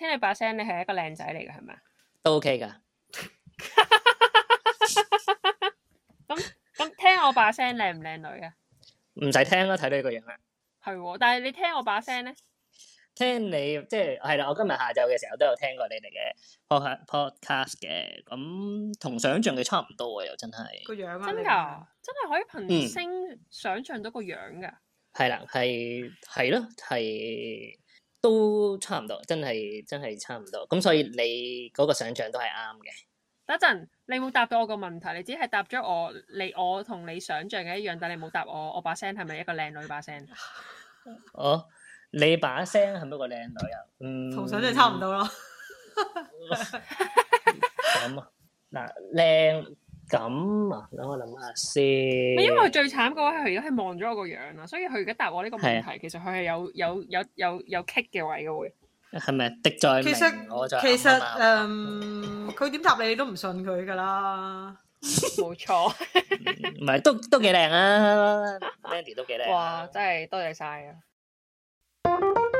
聽你把聲，你係一個靚仔嚟嘅，係咪啊？都 OK 噶。咁咁，聽我把聲靚唔靚女嘅？唔使聽咯，睇到你個樣啦。係喎，但係你聽我把聲咧？聽你即係係啦，我今日下晝嘅時候都有聽過你哋嘅 podcast 嘅，咁同想象嘅差唔多啊，又真係。個樣啊！真噶，真係可以憑聲想象到個樣噶。係啦，係係咯，係。都差唔多，真係真係差唔多。咁所以你嗰個想像都係啱嘅。等一陣，你冇答到我個問題，你只係答咗我，你我同你想像嘅一樣，但你冇答我，我把聲係咪一個靚女把聲？我、 哦、你把聲係咪一個靚女啊？嗯，同想像差唔多咯。咁 啊， 嗱靚。咁啊，等我諗下先。咪因為最慘嘅話係，佢而家係望咗我個樣啊，所以佢而家答我呢個問題，的其實佢係有有有有有棘嘅位嘅會。係咪滴在？其實其實誒，佢點答你都唔信佢噶啦，冇 沒錯。唔 係、嗯、都都，都幾靚啊 A ndy 都幾靚、啊。哇！真係多謝晒。啊～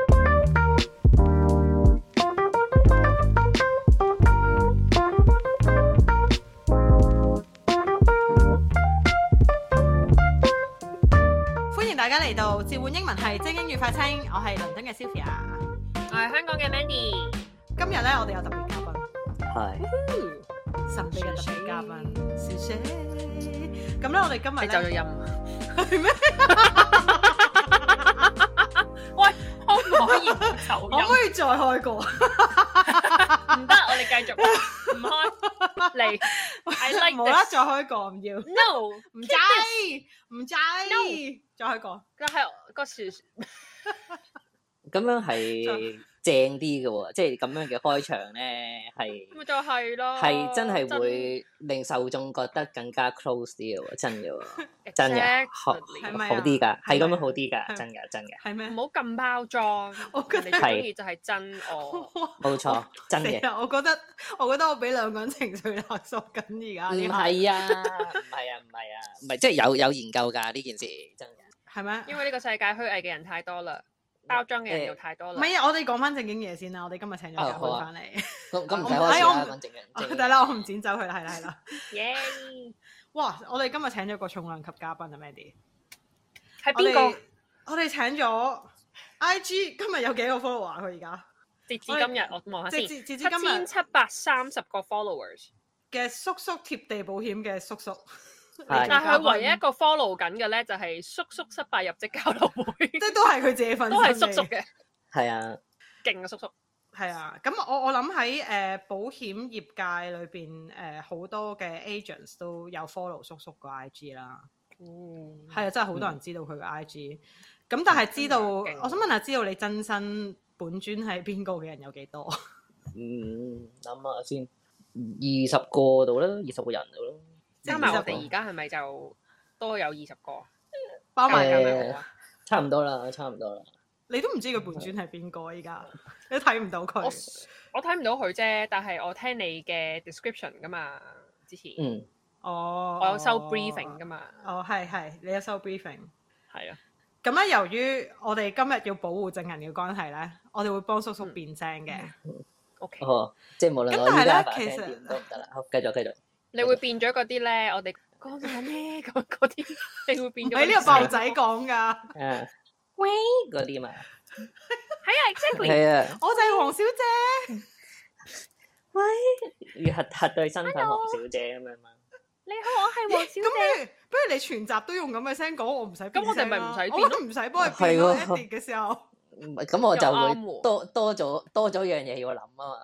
嚟到，召喚英文係精英語快清，我係倫敦嘅 Sophia，我係香港嘅 Mandy。今日咧，我哋有特別嘉賓，係神秘嘅特別嘉賓。咁咧，我哋今日，即係走咗音，係咩？喂，可唔可以重音？可唔可以再開個？唔得，我哋繼續，唔開嚟，冇得再開個，唔要。No，唔制，唔制。再一個，但係個時咁樣係正啲嘅喎，即係咁樣嘅開場咧係咪就係咯？係真係會令受眾覺得更加 close 啲嘅喎，真嘅喎，真嘅，好係咪好啲㗎？係咁樣好啲㗎？真嘅真嘅，係咪？唔好咁包裝，我覺得你中意就係真，我冇錯真嘅。我覺得我覺得我俾兩個人情緒壓縮緊而家。唔係啊，唔係啊，唔係啊，唔係即係有有研究㗎呢件事真。係咩？因為呢個世界虛偽嘅人太多啦，包裝嘅人又太多啦。唔係啊，我哋講翻正經嘢先啦。我哋今日請咗人開翻嚟。咁唔睇我唔睇正經。得啦，我唔剪走佢啦。係啦係啦。耶！哇！我哋今日請咗個重量級嘉賓啊，Mandy。係邊個？我哋請咗 IG，今日有幾多個 follower 佢而家？直至今日，我望下直至今日七千七百三十個 followers 嘅叔叔貼地保險嘅叔叔。但係佢唯一一個 follow 緊嘅咧，就係叔叔失敗入職交流會，即係 都係佢自己份，都係叔叔嘅。係啊，勁啊叔叔，係啊。咁我我諗喺誒保險業界裏邊，誒、呃、好多嘅 agents 都有 follow 叔叔個 I G 啦，係、嗯、啊，真係好多人知道佢個 I G。咁、嗯、但係知道，我想問下，知道你真身本尊係邊個嘅人有幾多？ 嗯，諗下先，二十個度啦，二十個人度啦。加埋我哋而家係咪就都有二十個包埋噶？差唔多啦，差唔多啦。你都唔知佢本尊係邊個依家，你睇唔到佢。我睇唔到佢啫，但係我聽你嘅 description 噶嘛，之前。嗯。哦。我有收 briefing 噶嘛？哦，係係，你有收 briefing。係啊。咁咧，由於我哋今日要保護證人嘅關係咧，我哋會幫叔叔變聲嘅。O K。哦。即係無論我哋而家大聲點都唔得啦。好，繼續繼續。繼繼續你會變咗嗰啲咧？我哋講咩？講嗰啲你會變咗你呢個爆仔講噶？嗯，喂，嗰啲嘛，係啊，Exactly，係啊，我就係黃小姐。喂，要核核對身份，黃小姐咁樣嘛？你好，我係黃小姐，不如不如你全集都用咁嘅聲講，我唔使咁，我哋咪唔使，我都唔使幫佢配咯。Edit 嘅時候，咁我就會多多咗多咗樣嘢要諗啊嘛。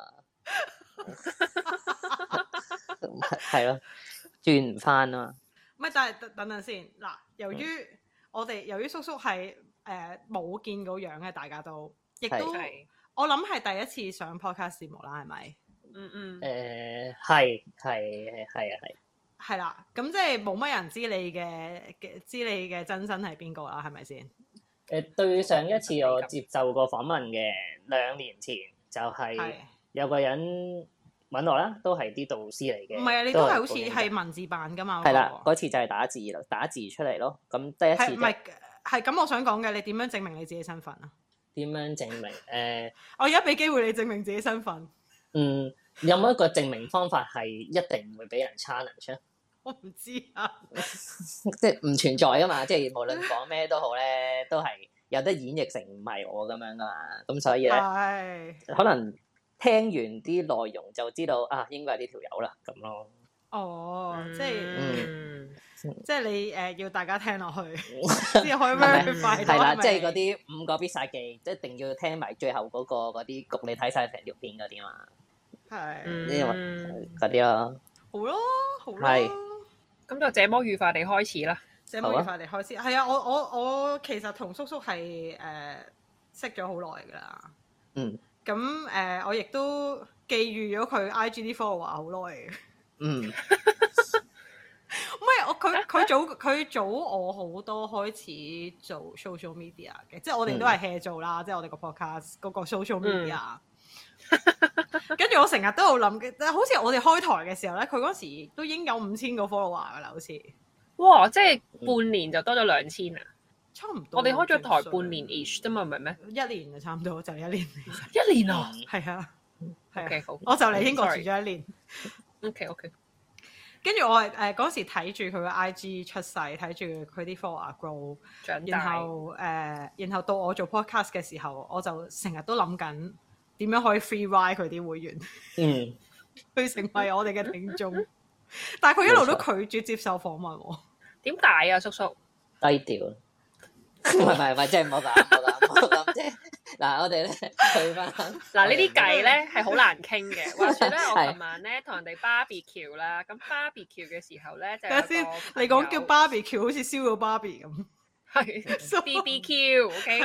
係咯， 轉唔返啊嘛！咪但係等等等先嗱，由於我哋由於叔叔係誒冇見過樣嘅，大家都亦都是我諗係第一次上 podcast 節目啦，係咪？嗯嗯。誒係係係啊係。係啦，咁即係冇乜人知你嘅嘅知你嘅真身係邊個啦？係咪先？誒、呃、對上一次我接受過訪問嘅兩 年前，就係有個人。揾我啦，都係啲導師嚟嘅。唔係啊，你都係好似係文字版噶嘛？係啦，嗰次就係打字咯，打字出嚟咯。咁第一次係唔係？係咁，我想講嘅，你點樣證明你自己身份啊？點樣證明？誒、 呃，我而家俾機會你證明自己身份。嗯，有冇一個證明方法係一定唔會俾人 challenge？ 我唔知啊 即係唔存在噶嘛，即係無論講咩都好咧，都係有得演繹成唔係我咁樣噶嘛，咁所以咧 可能。聽完啲內容就知道啊，應該係呢條友啦，咁咯。哦，即係，即係你誒，要大家聽落去先可以愉快。係啦，即係嗰啲五個必殺技，一定要聽埋最後嗰個嗰啲局，你睇晒成條片嗰啲嘛。係，嗯，嗰啲咯。好咯，好咯。係。咁就這麼愉快地開始啦。好啦。這麼愉快地開始。係啊，我我我其實同叔叔係誒識咗好耐噶啦。嗯。咁誒、呃，我亦都記住咗佢 IG 啲 follower 好耐嘅。嗯， 唔係我佢佢早佢早我好多開始做 social media 嘅，嗯、即係我哋都係 hea 做啦，嗯、即係我哋個 podcast 嗰個 social media。跟住、嗯、 我成日都有諗嘅，好似我哋開台嘅時候咧，佢嗰時都已經有五千個 followers 啦，好似，哇，即係半年就多咗兩千啊！嗯差唔多，我哋開咗台半年 ish 啫嘛，唔係咩？一年差就差唔多就一年。 一年啊，係啊啊，K、okay, 好。我就嚟英國住咗一年。O K O K。跟住我係誒嗰時睇住佢嘅 I G 出世，睇住佢啲 follower grow 長大。然後誒、呃，然後到我做 podcast 嘅時候，我就成日都諗緊點樣可以 free ride 佢啲會員，嗯， 去成為我哋嘅聽眾。嗯、但係佢一路都拒絕接受訪問喎。點解啊，叔叔 麼？ 低調。.唔係唔係，即係冇諗冇諗冇諗啫。嗱，我哋咧退翻。嗱 呢啲計咧係好難傾嘅。話說咧，我琴晚咧同人哋 barbecue 啦。咁 barbecue 嘅時候咧就先，你講叫 barbecue 好似燒個 barbie 咁。係 B B Q。OK。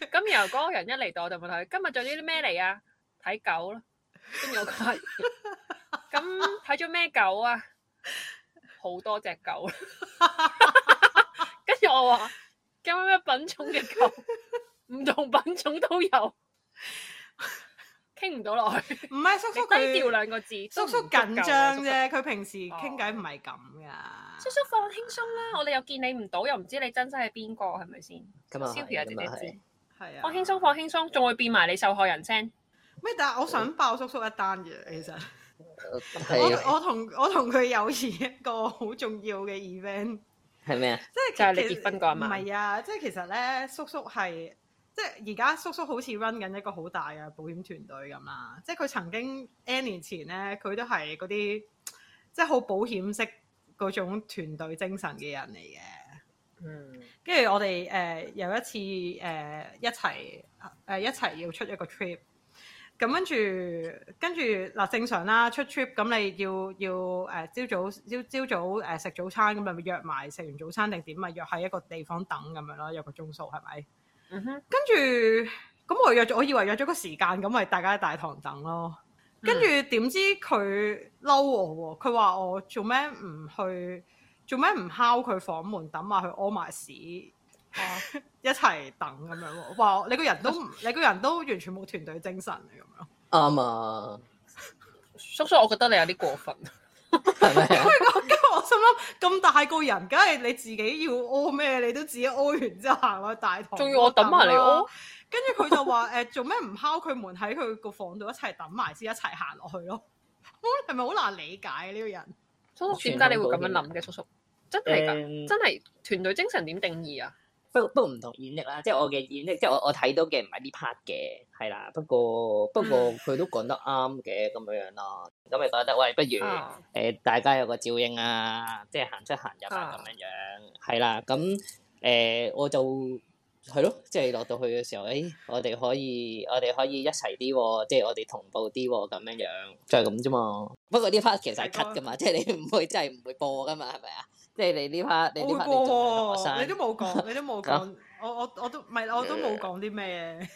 咁然後嗰個人一嚟到我就問佢：今日做啲咩嚟啊？睇狗咯。跟住我講，咁睇咗咩狗啊？好多隻狗。跟 住我話。有咩品種嘅狗？唔同品種都有，傾唔到落去。唔係叔叔低調兩個字，叔叔緊張啫。佢平時傾偈唔係咁噶。叔叔放輕鬆啦，我哋又見你唔到，又唔知你真身係邊個，係咪先？咁啊，少啲啊，啲啲知。係啊，我輕鬆，放輕鬆，仲會變埋你受害人先。咩？但係我想爆叔叔一單嘅。其實我我同我同佢有次一個好重要嘅 event。係咩啊？即係你結婚過嘛？唔係啊。即係其實咧，叔叔係即係而家叔叔好似 run 緊一個好大嘅保險團隊咁啦。即係佢曾經 N 年前咧，佢都係嗰啲即係好保險式嗰種團隊精神嘅人嚟嘅。嗯。跟住我哋誒、呃、有一次誒、呃、一齊誒、呃、一齊要出一個 trip。咁跟住，跟住嗱正常啦，出 trip 咁你要要誒、呃、朝早朝朝早誒食、呃、早餐咁咪約埋食完早餐定點咪約喺一個地方等咁樣咯，約個鐘數係咪？嗯、哼跟住咁我約咗，我以為約咗個時間咁咪大家喺大堂等咯。嗯、跟住點知佢嬲我、啊，佢話我做咩唔去，做咩唔敲佢房門等埋佢屙埋屎？一齊等咁樣，喎，你個人都唔，你個人都完全冇團隊精神啊，咁樣啱啊。叔叔，我覺得你有啲過分，係跟啊？我心諗咁大個人，梗係你自己要屙咩，你都自己屙完之後行落去大堂，仲要我等埋你屙。跟住佢就話誒，做咩唔敲佢門喺佢個房度一齊等埋先一齊行落去咯？我係咪好難理解呢個人？叔叔，點解你會咁樣諗嘅？叔叔真係㗎，真係團隊精神點定義啊？不過不唔同演歷啦，即係我嘅演歷，即係我我睇到嘅唔係呢 part 嘅，係啦。不過不過佢都講得啱嘅咁樣樣、啊、咯。咁咪覺得喂，不如誒、呃、大家有個照應啊，即係行出行入啊咁、啊、樣樣、啊，係啦。咁誒、呃、我就係咯，即係落到去嘅時候，誒、哎、我哋可以我哋可以一齊啲、啊，即係我哋同步啲咁樣樣。就係咁啫嘛。的不過呢 part 其實 cut 噶嘛，即係你唔會真係唔會播噶嘛，係咪啊？即係你呢刻，你呢刻你都冇講，你都冇講，我我我都唔係，我都冇講啲咩。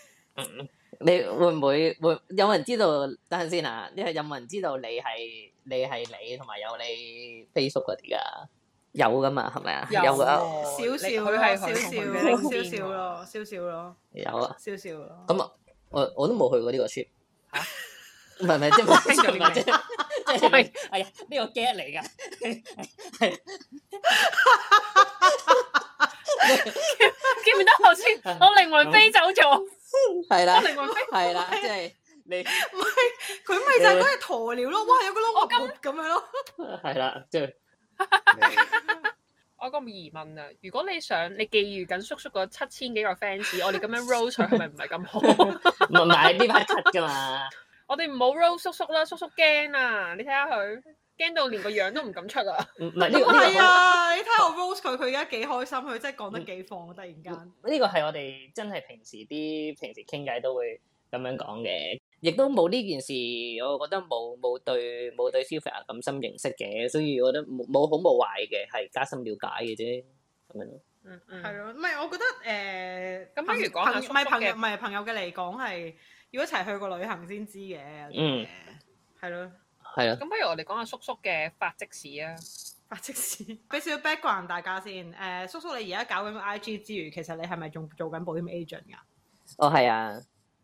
你會唔會會有人知道？等陣先啊！你係有冇人知道你係你係你同埋有你 Facebook 嗰啲噶？有噶嘛？係咪啊？有啊，少少佢係少少少少咯，少少咯。有啊，少少咯。咁啊，我我都冇去過呢個 trip 吓。唔係唔係，即係唔係即係，即係係啊！呢個 get 嚟㗎，係係。哈哈哈！哈哈！哈哈！見唔到頭先，我靈魂飛走咗，係啦，我靈魂飛，係啦，即係你唔係佢，咪就係嗰個鴕鳥咯，哇！有個窿咁咁樣咯，係啦，即係。我個疑問啊，如果你想你寄予緊叔叔個七千幾個 fans，我哋咁樣 rose 佢，咪唔係咁好？唔係唔係，呢批七㗎嘛。我哋唔好 Rose 叔叔啦，叔叔驚啊！你睇下佢驚到連個樣都唔敢出啊！唔係啊！你睇下我 Rose 佢，佢而家幾開心，佢真係講得幾放啊！突然間呢個係我哋真係平時啲平時傾偈都會咁樣講嘅，亦都冇呢件事，我覺得冇冇對冇對消費者咁深認識嘅，所以我覺得冇冇好冇壞嘅，係加深瞭解嘅啫咁樣咯。嗯嗯，係咯，唔係我覺得誒，咁譬如講唔係朋友唔係朋友嘅嚟講係。要一齊去過旅行先知嘅，嗯，係咯的，係啊的。咁不如我哋講下叔叔嘅發跡史啊。發跡史，俾少少 background 大家先。誒、呃，叔叔你而家搞緊 IG 之餘，其實你係咪仲做緊保險 agent 㗎？哦，係啊，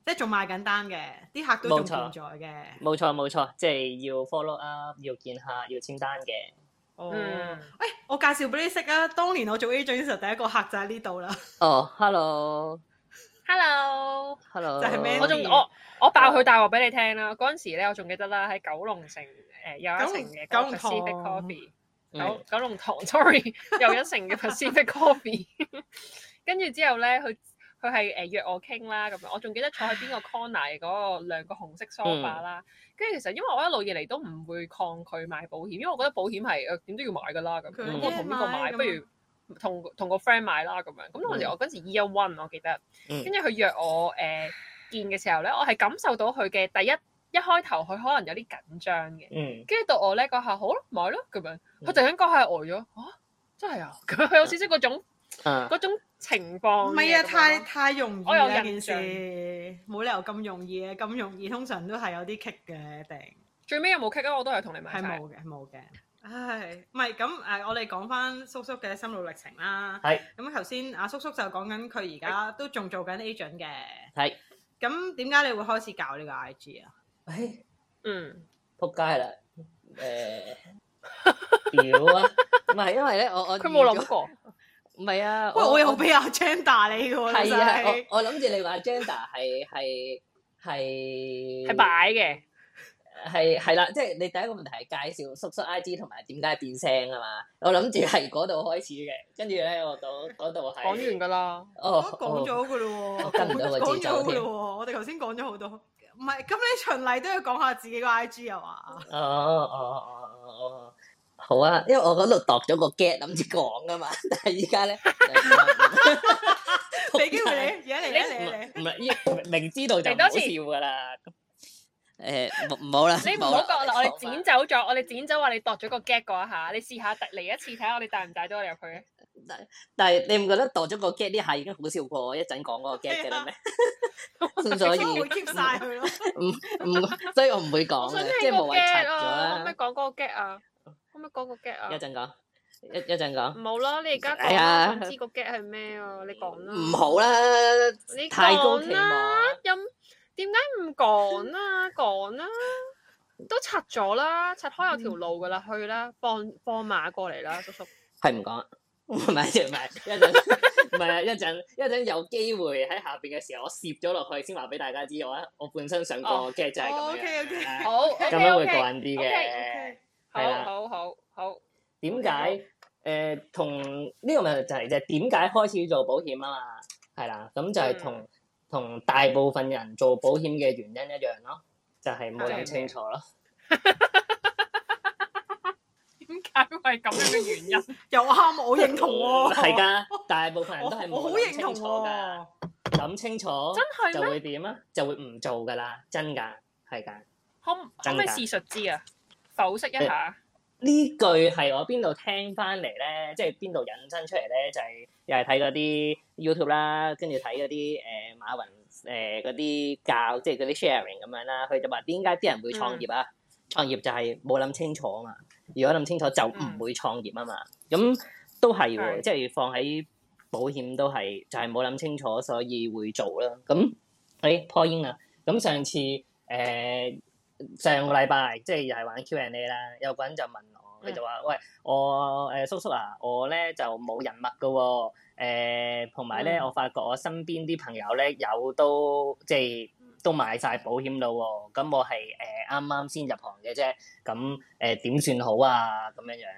即係仲賣緊單嘅，啲客都仲存在嘅。冇錯冇錯，即係、就是、要 follow up，要見客，要簽單嘅。哦，誒、嗯哎，我介紹俾你識啊。當年我做 agent 嘅時候，第一個客就喺呢度啦。哦，hello。Hello，Hello，係咩，我仲我我爆佢大鑊俾你聽啦！嗰陣時咧，我仲記得啦，喺九龍城誒又一城嘅 Pacific Coffee，九九龍塘，sorry，又一城嘅 Pacific Coffee。跟 住之後咧，佢佢係誒約我傾啦，咁樣我仲記得坐喺邊個 corner 嗰個兩個紅色梳化啦。跟住、嗯、其實因為我一路以嚟都唔會抗拒買保險，因為我覺得保險係誒點都要買㗎啦。咁我同邊個買？不如。同同個 friend 買啦咁樣，咁同時我嗰時 year one、mm. 我記得，跟住佢約我誒、呃、見嘅時候咧，我係感受到佢嘅第一一開頭佢可能有啲緊張嘅，跟住、mm. 到我咧嗰下好買咯咁樣，佢就應該係呆咗嚇，真係啊，佢 有少少嗰種情況。唔係啊，太太容易我有件事，冇理由咁容易啊。咁容易通常都係有啲棘嘅病。 最尾有冇棘啊？我都係同你買。冇嘅，係冇嘅。唉，唔係咁，誒，我哋講翻叔叔嘅心路歷程啦。係，咁頭先阿叔叔就講緊佢而家都仲做緊 agent 嘅。係，咁點解你會開始搞呢個 IG 啊？誒，嗯，仆街啦，誒，屌啊！唔係因為咧，我我佢冇諗過，唔係啊，喂，我又俾阿 Jenda 你喎，係啊，我我諗住你話阿 Jenda 係係係係擺嘅。係係啦，即係你第一個問題係介紹叔叔 I G 同埋點解變聲啊嘛，我諗住係嗰度開始嘅，跟住咧我到嗰度係講完噶啦，哦講咗噶咯，講咗噶咯，我哋頭先講咗好 多，唔係咁你循例都要講下自己個 I G 啊嘛，哦哦哦哦，好啊，因為我嗰度度咗個 get 諗住講噶嘛，但係依家咧， 畀機會 你而家嚟，不你嚟，你嚟，唔係依明知道就好笑噶啦。誒，冇啦，你唔好覺啦，我哋剪走咗，我哋剪走話你度咗個 gag 嗰下，你試下嚟一次睇下我哋帶唔帶得我入去？第，但係你唔覺得度咗個 gag 呢下已經好笑過我一陣講嗰個 gag 嘅啦咩？所以，唔唔，所以我唔會講，即係冇位襯咗。可唔可以講嗰個 gag 啊？可唔可以講個 gag 啊？一陣講，一一陣講。冇啦，你而家都唔知個 gag 係咩啊？你講啦。唔好啦，太高期望。點解唔講啦？講啦，啊啊，都拆咗啦，拆開有條路噶啦，去啦，放放馬過嚟啦，叔叔。係唔講？唔係唔係， 一陣唔係啊，一陣一陣有機會喺下邊嘅時候，我攝咗落去先話俾大家知，我我本身想過嘅就係咁樣。O K O K，好，咁樣會過癮啲嘅。係啦，好好好。點解？誒，同呢個咪就係就點解開始做保險啊嘛？係啦，咁就係同。同大部分人做保險嘅原因一樣咯，就係冇諗清楚咯的。點解會係咁樣嘅原因？ 又喊我認同喎，啊，係㗎， 大部分人都係冇諗清楚㗎。諗清楚，真係咩？就會點呀？就會唔做㗎啦，真㗎，係㗎。可可唔可以試述之啊？剖析一下。句呢句係我邊度聽翻嚟咧？即係邊度引申出嚟咧？就係、是、又係睇嗰啲 YouTube 啦，跟住睇嗰啲誒馬雲誒嗰啲教，即係嗰啲 sharing 咁樣啦。佢就話：點解啲人會創業啊？創、嗯、業就係冇諗清楚啊嘛！如果諗清楚就唔會創業啊嘛。咁、嗯嗯、都係喎，即係是放喺保險都係，就係冇諗清楚，所以會做啦。咁係、哎、破英啊。咁上次誒。呃 在 Thy 臟 上個禮拜即係又係玩 Q&A 啦，A, 有個人就問我，佢就話：mm. 喂，我誒、呃、叔叔啊，我咧就冇人物嘅喎，同埋咧我發覺我身邊啲朋友咧有都即係都買晒保險咯喎，咁我係誒啱啱先入行嘅啫，咁誒點算好啊？咁樣樣，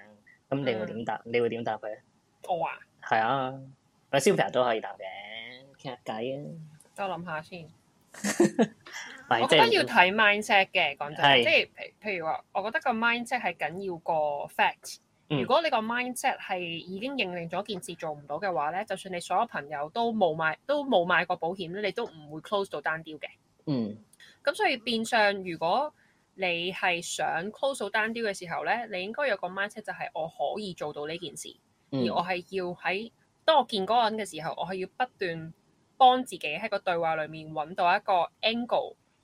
咁你會點答？你會點答佢咧？我話係啊，阿 Super 都答嘅，傾下偈啊。我諗下先。我覺得要睇 mindset 嘅，講真，是即係譬如譬如話，我覺得個 mindset 係緊要過 facts、嗯。如果你個 mindset 係已經認定咗件事做唔到嘅話咧，就算你所有朋友都冇買都冇買過保險咧，你都唔會 close 到單 deal 嘅。嗯，咁所以變相，如果你係想 close 到單 deal 嘅時候咧，你應該有個 mindset 就係我可以做到呢件事，嗯、而我係要喺當我見嗰個人嘅時候，我係要不斷幫自己喺個對話裡面揾到一個 angle。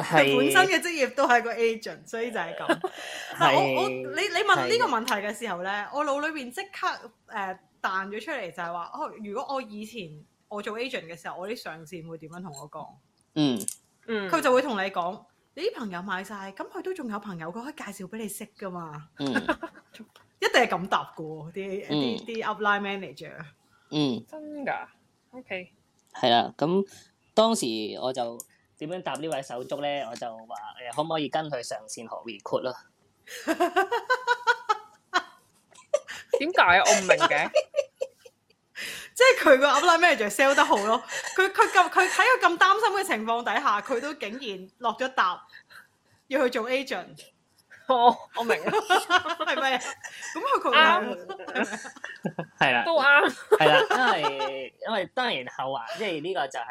佢是本身嘅職業都係個 agent，所以就係咁。但我我你你問呢個問題嘅時候咧，我腦裏邊即刻誒彈咗出嚟就係話：哦，如果我以前我做 agent 嘅時候，我啲上線會點樣同我講？嗯嗯，佢就會同你講：你啲朋友買晒，咁佢都仲有朋友，佢可以介紹俾你識噶嘛？ 一定係咁答嘅喎，啲啲啲 upline manager。嗯，真㗎。OK。係啦，咁當時我就，點樣答呢位手足咧？我就話誒，可唔可以跟佢上線學 recall 啦？點解啊？我唔明嘅。即係佢個 upline Manager sell 得好咯。佢佢咁佢喺個咁擔心嘅情況底下，佢都竟然落咗答，要去做 agent。我我明，係咪？咁佢佢啱，係啦，都啱。係啦，因為因為當然後話，即係呢個就係。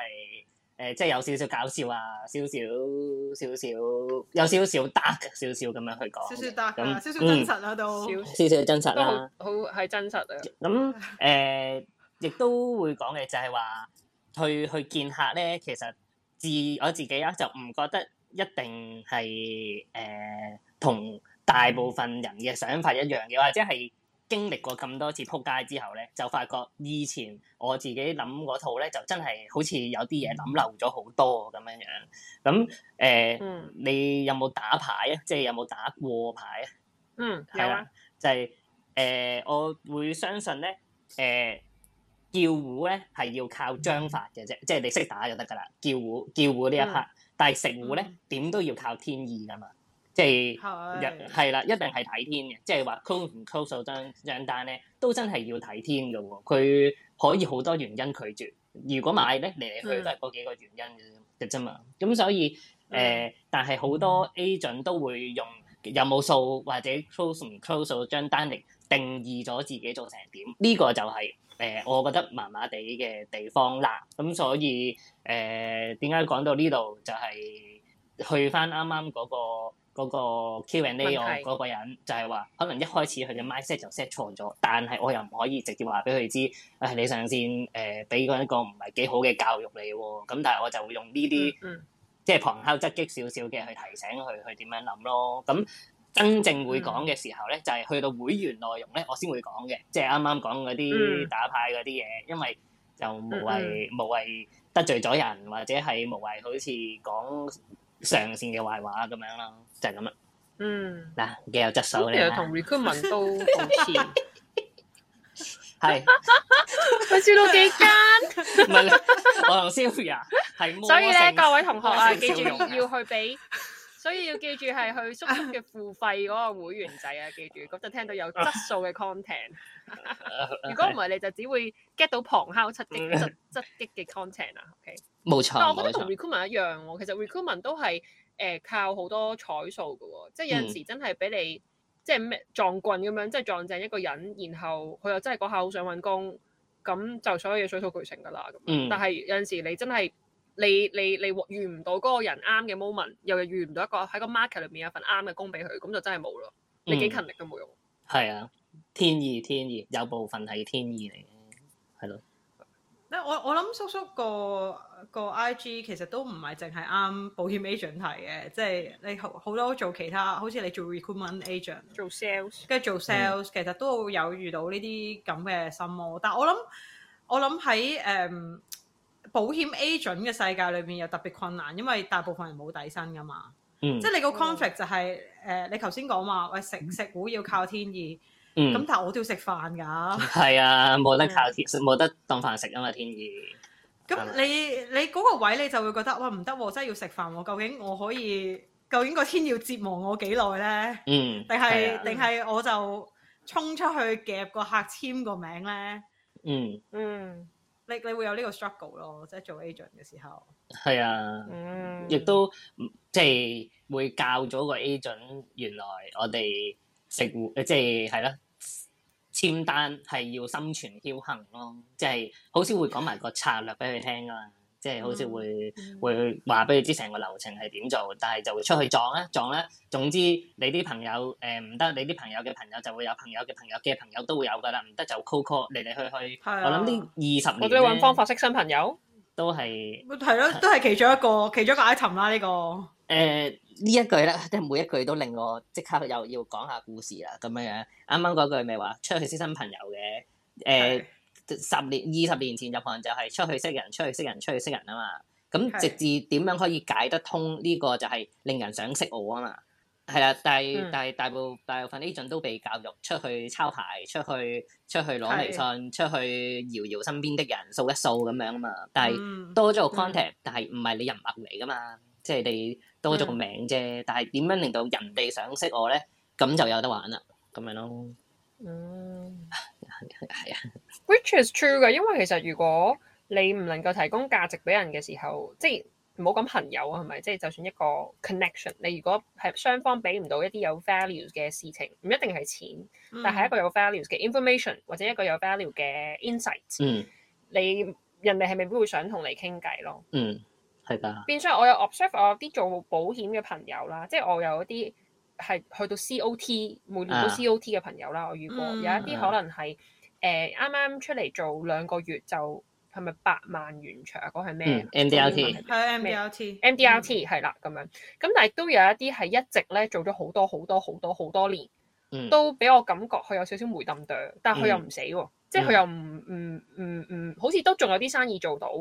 誒、呃，即係有少少搞笑啊，少少少少，有少少 dark，少少咁樣去講，少少 dark，a、啊嗯、少少真實啊都，少少真實啦，好係真實啊。咁誒、嗯，亦、呃、都會講嘅就係話，去去見客咧，其實自我自己啦，就唔覺得一定係誒同大部分人嘅想法一樣嘅，或者係。經歷過咁多次撲街之後咧，就發覺以前我自己諗嗰套咧，就真係好似有啲嘢諗漏咗好多咁樣樣。咁誒，呃嗯、你有冇打牌啊？即係有冇打過牌啊？嗯，有啊。就係誒、呃，我會相信咧，誒、呃、叫胡咧係要靠章法嘅啫，即係你識打就得噶啦。叫胡叫胡、嗯、呢一刻，但係食胡咧點都要靠天意噶嘛。即係入啦，一定係睇天嘅。即係話 close 唔 close 數張張單咧，都真係要睇天嘅喎。佢可以好多原因拒絕。如果買咧嚟嚟去去嗰幾個原因嘅啫嘛。咁所以誒，呃、的但係好多 agent 都會用有冇數或者 close 唔 close 數張單嚟定義咗自己做成點。呢、這個就係、是、誒、呃，我覺得麻麻地嘅地方啦。咁所以誒，點解講到呢度就係、是、去翻啱啱嗰個。嗰個 Q&A 問題我嗰個人就係話，可能一開始佢嘅 mindset 就 set 錯咗，但係我又唔可以直接話俾佢知，誒、哎、你上線誒俾嗰一個唔係幾好嘅教育你喎。咁但係我就會用呢啲、嗯嗯、即係旁敲側擊少少嘅去提醒佢，佢點樣諗咯。咁真正會講嘅時候咧，嗯、就係去到會員內容咧，我先會講嘅，即係啱啱講嗰啲打牌嗰啲嘢，嗯、因為就無謂、嗯、無謂得罪咗人，或者係無謂好似講上線嘅壞話咁樣啦。就係咁啦。嗯。嗱，幾有質素咧。其實同 recruitment 都好似。係。我試多幾間。唔係，我同 Sylvia 係。所以咧，各位同學啊，記住要去俾，所以要記住係去 Subscription 付費嗰個會員仔啊！記住，咁就聽到有質素嘅 content。如果唔係，你就只會 get 到旁敲側擊、質質擊嘅 content 啊。OK。冇錯。但係我覺得同 recruitment 一樣喎，其實 recruitment 都係。誒靠好多彩數嘅喎，即係有陣時真係俾你即係咩撞棍咁樣，即係撞正一個人，然後佢又真係嗰下好想揾工，咁就所有嘢水到渠成噶啦。咁、嗯，但係有陣時你真係你你你，你遇唔到嗰個人啱嘅 moment，又遇唔到一個喺個 market 裏面有份啱嘅工俾佢，咁就真係冇咯。你幾勤力都冇用。係、嗯、啊，天意天意，有部分係天意嚟嘅，係咯。我我諗叔叔個、那個 IG 其實都唔係淨係啱保險 agent 睇嘅，即、就、係、是、你好好多做其他，好似你做 recruitment agent，做 sales，跟住做、嗯、sales，其實都會有遇到呢啲咁嘅心魔。但係我諗我諗喺誒保險 agent 嘅世界裏面又特別困難，因為大部分人冇底薪噶嘛，嗯、即係你個 contract 就係、是、誒、呃、你頭先講話，喂食食糊要靠天意。嗯，咁但係我都要食飯噶，係啊，冇得靠天，冇、嗯、得當飯食啊嘛，天意。咁你你嗰個位，你就會覺得哇唔得，真係要食飯喎！究竟我可以，究竟個天要折磨我幾耐咧？嗯，定係定係我就衝出去夾個客簽個名咧？嗯嗯，你你會有呢個 struggle 咯，即係做 agent 嘅時候。係啊，嗯，亦都即係、就是、會教咗個 agent，原來我哋。食戶誒即係係啦，簽單係要心存僥幸咯，即係好少會講埋個策略俾佢聽啊，即係好少會、嗯嗯、會話俾佢知成個流程係點做，但係就會出去撞啦、啊。撞啦、啊，總之你啲朋友誒唔得，你啲朋友嘅朋友就會有朋友嘅朋友嘅朋友都會有噶啦，唔得就 call call 嚟嚟去去，去的我諗呢二十年我都揾方法識新朋友，都係是，係咯、嗯，都係其中一個其中一個 item 啦、這、呢個。誒呢、呃、一句咧，即係每一句都令我即刻又要講下故事啦，咁樣樣。啱啱嗰句咪話出去識新朋友嘅？誒、呃、是十年二十年前入行就係出去識人、出去識人、出去識人啊嘛。咁直至點樣可以解得通呢個就係令人想識我啊嘛。係啊，但係、嗯、但係大部大部分 agent 都被教育出去抄牌、出去出去攞微信、出去，是出去搖搖身邊的人、掃一掃咁樣啊嘛。但係、嗯嗯、多咗個 contact，但係唔係你人脈嚟噶嘛。即係你多咗個名啫，嗯、但係點樣令到人哋想識我咧？咁就有得玩啦，咁樣咯。嗯，係啊，係 Which is true 噶，因為其實如果你唔能夠提供價值俾人嘅時候，即係唔好講朋友係咪？即係就算一個 connection，你如果係雙方俾唔到一啲有 values 嘅事情，唔一定係錢，嗯、但係一個有 values 嘅 information 或者一個有 value 嘅 insight，嗯，你人哋係咪必會想同你傾偈咯。嗯。變相我有 observe 我有啲做保險嘅朋友啦，即係我有一啲係去到 COT，每年都 COT 嘅朋友啦，啊、我遇過、嗯、有一啲可能係誒啱啱出嚟做兩個月就係咪百萬圓桌嗰係咩？MDRT 係 MDRT MDRT 係、嗯、啦咁樣，咁但係都有一啲係一直咧做咗好多好多好多好多好多年，嗯、都俾我感覺佢有少少梅登朵，但係佢又唔死喎、啊，即係佢又唔唔唔唔，好似都仲有啲生意做到。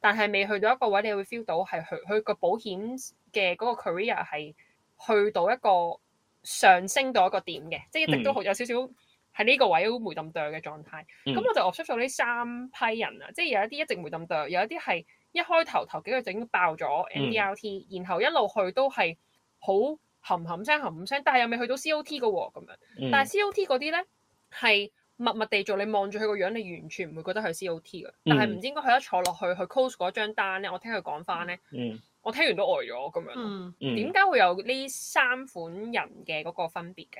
但係未去到一個位，你會 feel 到係佢去個保險嘅嗰個 career 係去到一個上升到一個點嘅，即係一直都好有少少喺呢個位冇冇咁哚嘅狀態。咁、嗯、我就 output 咗呢三批人啊，即係有一啲一直冇咁哚，有一啲係一開頭頭幾個整爆咗 MDRT、嗯、然後一路去都係好冚冚聲冚冚聲，但係又未去到 COT 嘅喎、哦、咁樣。嗯、但係 COT 嗰啲咧係。默默地做，你望住佢個樣，你完全唔會覺得佢係 COT 㗎。但係唔知應該佢一坐落去佢、嗯、close 嗰張單咧。我聽佢講翻咧，嗯、我聽完都呆咗咁樣。點解、嗯嗯、會有呢三款人嘅嗰個分別嘅？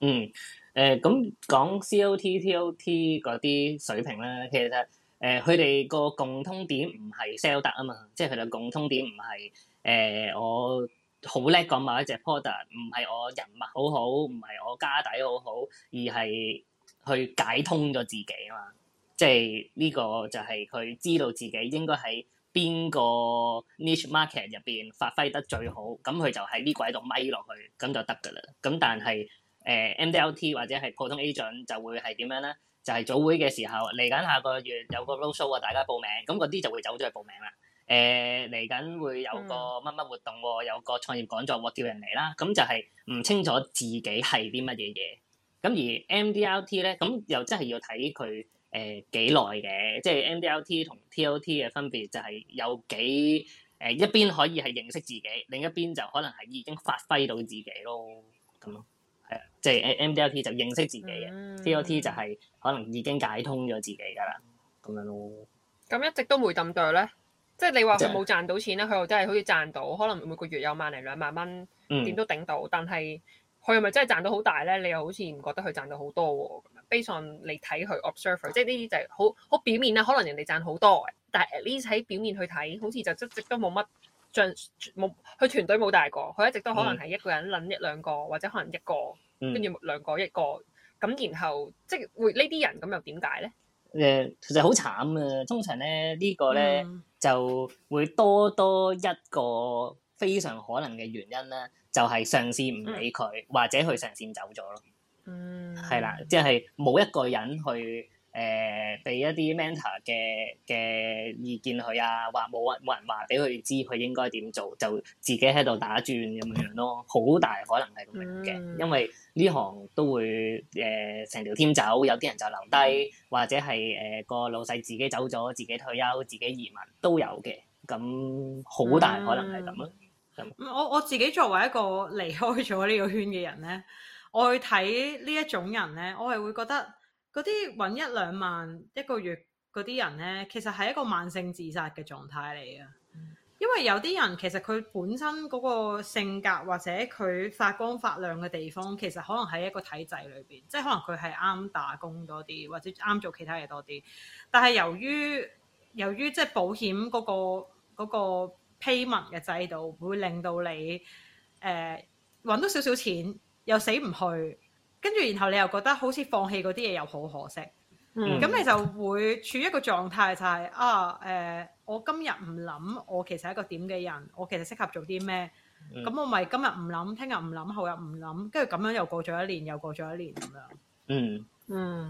嗯誒，咁、呃、講 COT、TOT 嗰啲水平咧，其實誒佢哋個共通點唔係 sell 得啊嘛，即係佢哋共通點唔係誒我好叻講某一隻 product，唔係我人物好好，唔係我家底好好，而係，去解通咗自己啊嘛，即係呢、這個就係佢知道自己應該喺邊個 niche market 入邊發揮得最好，咁佢 就喺呢個喺度咪落去咁就得噶啦。咁但係誒、呃、MDRT 或者係普通 agent 就會係點樣咧？就係、是、組會嘅時候嚟緊下個月有個 road show 啊，大家報名咁嗰啲就會走咗去報名啦。誒嚟緊會有個乜乜活動喎，嗯、有個創業講座喎，叫人嚟啦。咁就係唔清楚自己係啲乜嘢嘢。咁而 MDRT 咧，咁又真係要睇佢誒幾耐嘅，即係 MDRT 同 TOT 嘅分別就係有幾誒、呃、一邊可以係認識自己，另一邊就可能係已經發揮到自己咯，咁咯，係、嗯、啊，嗯、即係 MDRT 就認識自己嘅、嗯、TOT 就係可能已經解通咗自己㗎喇，咁樣咯。咁一直都冇咁多咧，即、就、係、是、你話佢冇賺到錢咧，佢又真係好似賺到，可能每個月有萬零兩萬蚊，點都頂到，嗯、但係，佢係咪真係賺到好大咧？你又好似唔覺得佢賺到好多喎。基本上你睇佢 observer，即係呢啲就係好好表面啦。可能人哋賺好多，但係呢 at least 喺表面去睇，好似就一直都冇乜像冇佢團隊冇大過。佢一直都可能係一個人攆、嗯、一兩個，或者可能一個跟住兩個一個。咁、嗯、然後即係會呢啲人咁又點解咧？誒，其實好慘啊！通常咧呢、呢個咧就會多多一個非常可能嘅原因啦。就係上司唔理佢，嗯、或者佢上線走咗咯，係、嗯、啦，即係冇一個人去誒俾、呃、一啲 mentor 嘅嘅意見佢啊，或冇人冇人話俾佢知佢應該點做，就自己喺度打轉咁樣樣咯，好、嗯、 大可能係咁樣嘅，因為呢行都會誒成、呃、條 team 走，有啲人就留低，嗯、或者係誒、呃、個老細自己走咗，自己退休、自己移民都有嘅，咁好大可能係咁咯。嗯嗯。我我自己作為一個離開咗呢個圈嘅人呢，我去睇呢一種人呢，我係會覺得嗰啲揾一兩萬一個月嗰啲人呢，其實係一個慢性自殺嘅狀態嚟嘅，因為有啲人其實佢本身嗰個性格或者佢發光發亮嘅地方，其實可能喺一個體制裏邊，即係可能佢係啱打工多啲，或者啱做其他嘢多啲。但係由於由於即係保險嗰個嗰個，嗰個批文嘅制度會令到你誒揾、呃、到少少錢又死唔去，跟住然後你又覺得好似放棄嗰啲嘢又好可惜，咁、嗯、你就會處於一個狀態、就係，就係啊誒、呃，我今日唔諗，我其實係一個點嘅人，我其實適合做啲咩？咁、嗯、我咪今日唔諗，聽日唔諗，後日唔諗，跟住咁樣又過咗一年，又過咗一年咁樣。嗯嗯。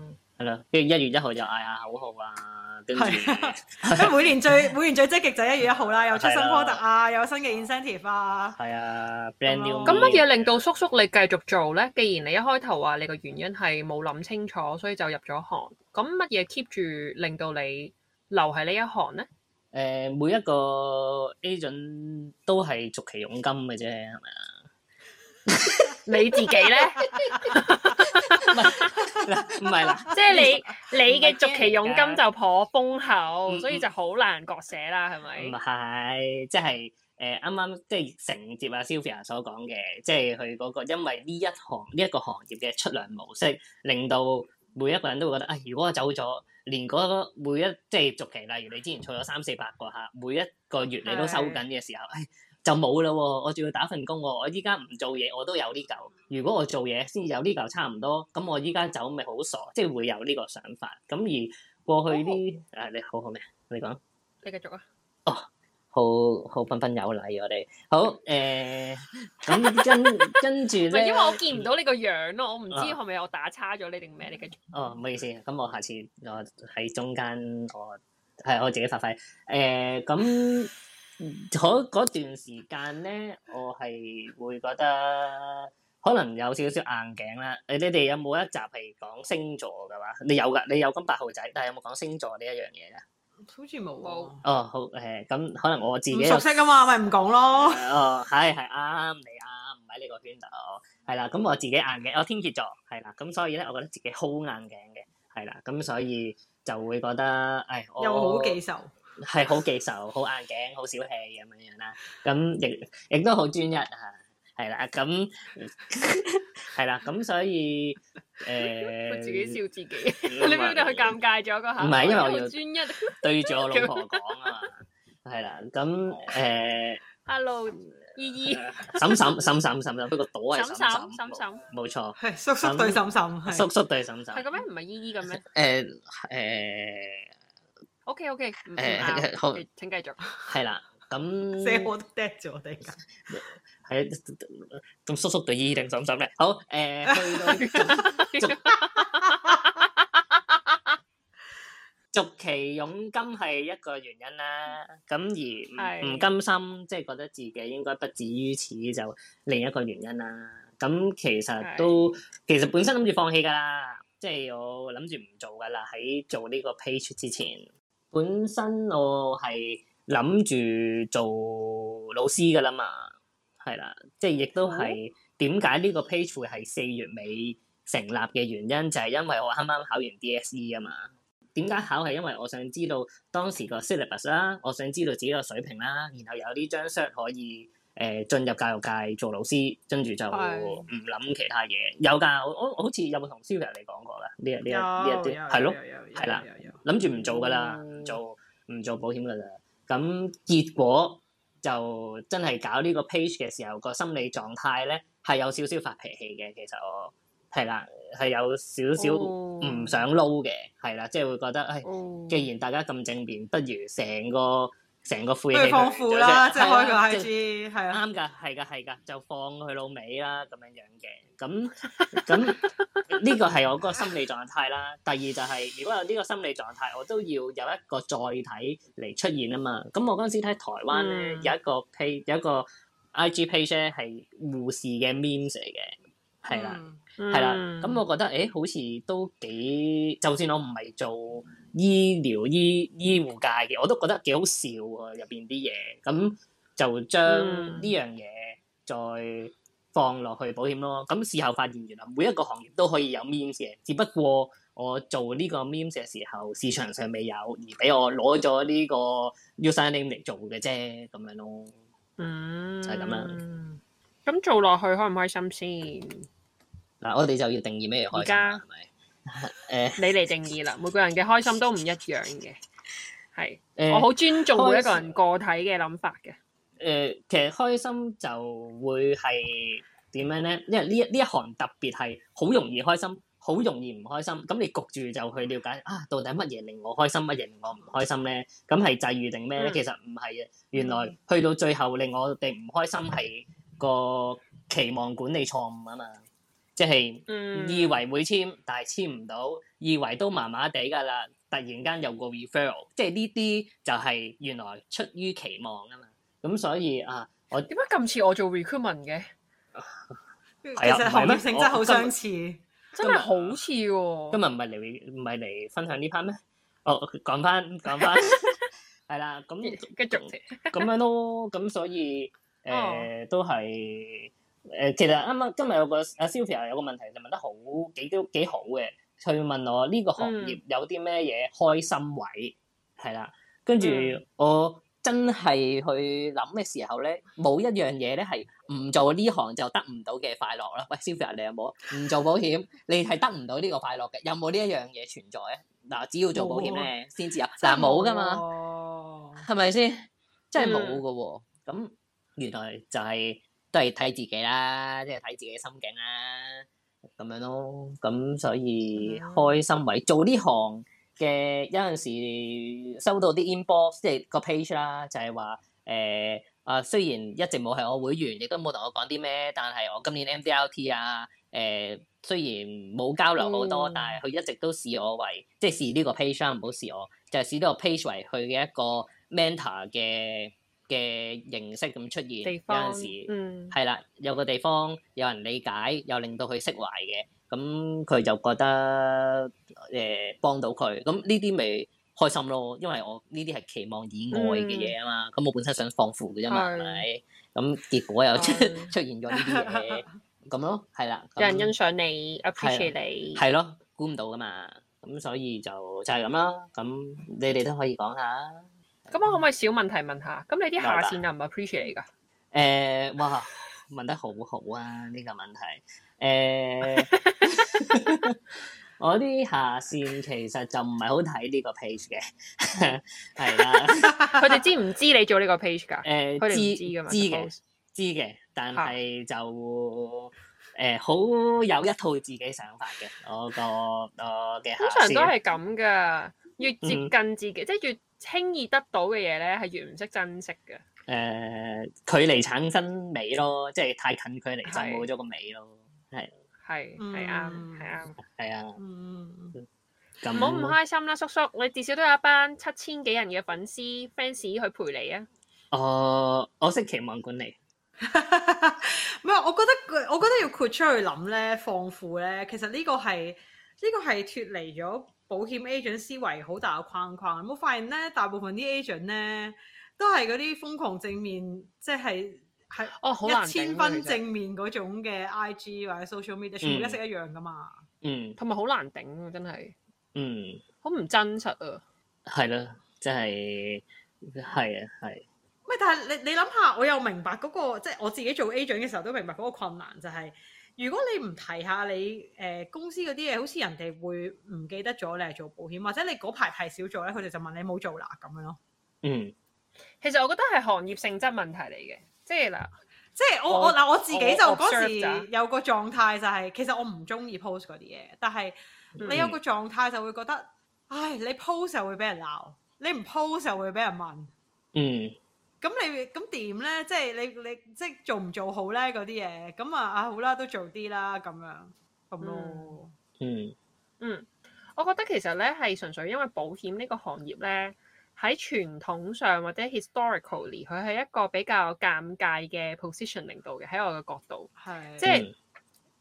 嗯。係啦，跟住一月一號就嗌下、啊、口號啊，都 每年最每年最積極就一月一號啦，又出新 product 啊，又有新嘅 incentive 啊，係啊 Yeah,、uh,，brand new 咁乜嘢令到叔叔你繼續做咧？既然你一開頭話你個原因係冇諗清楚，所以就入咗行，咁乜嘢 keep 住令到你留喺呢一行咧？誒，uh, 每一個 agent 都係續期佣金嘅啫，係咪啊？ 你自己咧，唔係 啦，即係你是你嘅續期佣金就頗豐厚，是啊、所以就好難割捨啦，係咪、嗯？唔係、呃，即係誒啱啱即係承接阿 Sophia 所講嘅，即係佢嗰個因為呢一行呢一、這個行業嘅出糧模式，令到每一個人都會覺得，誒、哎，如果我走咗，連嗰每一即係續期，例如你之前儲咗三四百個客，每一個月你都收緊嘅時候，誒。是的 就冇啦喎！我仲要打份工喎、哦！我依家唔做嘢，我都有呢嚿。如果我做嘢，先有呢嚿，差唔多。咁我依家走，咪好傻？即係會有呢個想法。咁而過去啲誒、哦哎，你好好咩？你講，你繼續啊！哦，好好彬彬有禮，我哋好誒。咁、欸、跟 跟住咧， 因為我見唔到你個樣咯，我唔知係咪我打叉咗你定咩、哦？你繼續哦，唔好意思，咁我下次我喺中間我係我，哎、我自己發揮誒咁。欸嗯嗯嗰嗰段時間咧，我係會覺得可能有少少硬頸啦。你你哋有冇一集係講星座嘅話？你有噶？你有咁，八號仔，但係有冇講星座呢一樣嘢咧？好似冇。哦，好誒，咁可能我自己唔熟悉啊嘛，咪唔講咯。哦，係係啱你啱，唔喺呢個圈度。係啦，咁我自己硬頸，我天蠍座係啦，咁所以咧，我覺得自己好硬頸嘅，係啦，咁所以就會覺得誒，又好記仇。係好記仇，好硬頸，好小氣咁樣樣啦。咁亦亦都好專一啊，係啦。咁係啦。咁所以誒，自己笑自己。你冇覺得佢尷尬咗個吓？唔係，因為我要專一，對住我老婆講啊。係啦。咁誒，Hello，姨姨，嬸嬸嬸嬸嬸嬸，不過朵係嬸嬸嬸嬸，冇錯。叔叔對嬸嬸，叔叔對嬸嬸，係咁樣？唔係姨姨咁樣？誒誒。O K O K，誒好，請繼續。係啦、嗯，咁 s e 我 d e 咗第一間，係咁叔叔對耳定嬸嬸嘅好誒？去到續期佣金係一個原因啦。咁 而唔唔甘心，即係 覺得自己應該不止於此，就另一個原因啦。咁其實都 其實本身諗住放棄噶啦，即、就、係、是、我諗住唔做噶啦。喺做呢個 page 之前。本身我係諗住做老師噶啦嘛，係啦，即係亦都係點解呢個 page 係四月尾成立嘅原因，就係、是、因為我啱啱考完 DSE 啊嘛。點解考？係因為我想知道當時個 syllabus 啦，我想知道自己個水平啦，然後有呢張 sheet 可以。誒進入教育界做老師，跟住就唔諗其他嘢，有㗎。我我好似有冇同 Super 你講過咧？呢一呢一啲係咯，係啦，諗住唔做㗎啦，唔、嗯、做唔做保險㗎啦。咁結果就真係搞呢個 page 嘅時候，個心理狀態咧係有少少發脾氣嘅。其實我係啦，係有少少唔想撈嘅，係啦、嗯，即係會覺得誒、哎，既然大家咁正面，不如成個。成個副嘢嘅，放即係開個 IG，係啱㗎，係㗎即，係㗎，就放佢老尾啦，咁樣樣嘅。咁咁呢個係我個心理狀態啦。第二就係、是，如果有呢個心理狀態，我都要有一個載體嚟出現啊嘛。咁我嗰陣時睇台灣咧，有一個 page 有一個 IG page 咧，係護士嘅 meme 嚟嘅，係啦，係啦、嗯。咁、嗯、我覺得誒、欸，好似都幾，就算我唔係做。醫療醫醫護界嘅，我都覺得幾好笑喎，入邊啲嘢，咁就將呢樣嘢再放落去保險咯。咁事後發現原來每一個行業都可以有 meme 嘅，只不過我做呢個 meme 嘅時候，市場上未有，而俾我攞咗呢個 username 嚟做嘅啫，咁樣咯，嗯，就係咁樣。咁、嗯、做落去開唔開心先？嗱，我哋就要定義咩嘢開心啦，係咪？誒，你嚟定義啦，每個人嘅開心都唔一樣嘅，係，我好尊重每一個人個體嘅諗法嘅。誒、呃，其實開心就會係點樣咧？因為呢呢一行特別係好容易開心，好容易唔開心。咁你焗住就去了解啊，到底乜嘢令我開心，乜嘢令我唔開心咧？咁係際遇定咩咧？嗯、其實唔係啊，原來去到最後令我哋唔開心係個期望管理錯誤啊嘛。即係嗯，以為會簽，但係簽唔到，以為都麻麻地噶啦，突然間有個 referral，即係呢啲就係原來出於期望啊嘛。咁所以啊，我點解咁似我做 recruitment 嘅？其實行業性質好相似，真係好似喎。今日唔係嚟唔係嚟分享呢 part 咩？哦，講翻講翻，係啦，咁繼續，咁樣咯。咁所以誒，都係。誒，其實啱啱今日有個阿、啊、Sophia 有個問題就問得好幾多幾好嘅，佢問我呢個行業有啲咩嘢開心位係啦，跟住、嗯、我真係去諗嘅時候咧，冇一樣嘢咧係唔做呢行就得唔到嘅快樂啦。喂 Sophia 喂你有冇唔做保險， 你係得唔到呢個快樂嘅？有冇呢一樣嘢存在咧？嗱，只要做保險咧先至有，嗱冇噶嘛，係咪先？真係冇噶喎，咁原來就係、是。都係睇自己啦，即係睇自己心境啦，咁樣咯。咁所以開心為做呢行嘅有陣時收到啲 inbox，即係個 page 啦，就係話誒啊，雖然一直冇係我會員，亦都冇同我講啲咩，但係我今年 M D R T 啊，誒、呃、雖然冇交流好多，嗯、但係佢一直都視我為即係、就係、視呢個 page 啦，唔好視我，就係、視呢個 page 為佢嘅一個 mentor 嘅。嘅形式咁出現，有陣時，係啦，有個地方有人理解，又令到佢釋懷嘅，咁佢就覺得誒幫到佢，咁呢啲咪開心咯，因為我呢啲係期望以外嘅嘢啊嘛，咁我本身想放負嘅啫嘛，係咪？咁結果又出出現咗呢啲嘢，咁咯，係啦，有人欣賞你，支持你，係咯，估唔到噶嘛，咁所以就就係咁啦，咁你哋都可以講下。咁、嗯、我可唔可以小問題問下？咁你啲下線又唔係 appreciate 㗎、嗯？誒、呃，哇！問得好好啊，呢、呢個問題。誒、呃， 我啲下線其實就唔係好睇呢個 page 嘅，係 啦的。佢哋 知唔知你做呢個 page 㗎？誒、呃，知知嘅，嘛知嘅，但係就誒、啊嗯、好有一套自己想法嘅。我個得，嘅通常都係咁㗎，越接近自己，即係越。輕易得到嘅嘢咧，係越唔識珍惜嘅。誒、呃，距離產生美咯，即係太近距離就冇咗個美咯。係係係啊，係啱，係啊。唔好唔開心啦，叔叔，你至少都有一班七千幾人嘅粉絲 fans 去陪你啊。誒，我識期望管理。唔係，我覺得我覺得要豁出去諗咧，放負咧。其實呢個係呢、呢個係脱離咗。保險 agent 思維好大個框框，有冇發現咧？大部分啲 agent 咧都係嗰啲瘋狂正面，即係係哦，一千分正面嗰種嘅 IG 或者 social media，嗯，全部一式一樣噶嘛？嗯，同埋好難頂啊，真係，嗯，好唔真實啊，係咯，即係係啊，係。唔係，但係你你諗下，我又明白嗰個，即係我自己做 agent 嘅時候都明白嗰個困難，就係。如果你唔提下你誒、呃、公司嗰啲嘢，好似人哋會唔記得咗你係做保險，或者你嗰排太少做咧，佢哋就問你冇做啦咁樣咯。嗯，其實我覺得係行業性質問題嚟嘅，就係、即係嗱，即係我我嗱我自己就嗰時有個狀態就係、係，其實我唔中意 post 嗰啲嘢，但係你有個狀態就會覺得，嗯、唉，你 post 就會俾人鬧，你唔 post 就會俾人問。嗯。咁你咁點咧？即係你你即係做唔做好咧嗰啲嘢？咁啊啊好啦，都做啲啦咁樣咁咯。嗯嗯，我覺得其實咧係純粹因為保險呢個行業咧喺傳統上或者 historically，佢係一個比較尷尬嘅 position 零度嘅喺我嘅角度。係是即係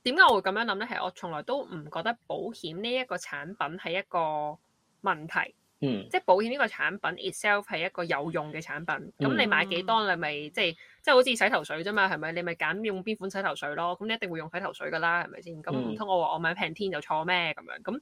點解我會咁樣諗咧？係我從來都唔覺得保險呢一個產品係一個問題。嗯、即係保險呢個產品 itself 係一個有用嘅產品。咁、嗯、你買幾多你咪即係即係好似洗頭水啫嘛，係咪？你咪揀用邊款洗頭水咯。咁你一定會用洗頭水噶啦，係咪先？咁唔通我話我買 Pantene 就錯咩？咁樣咁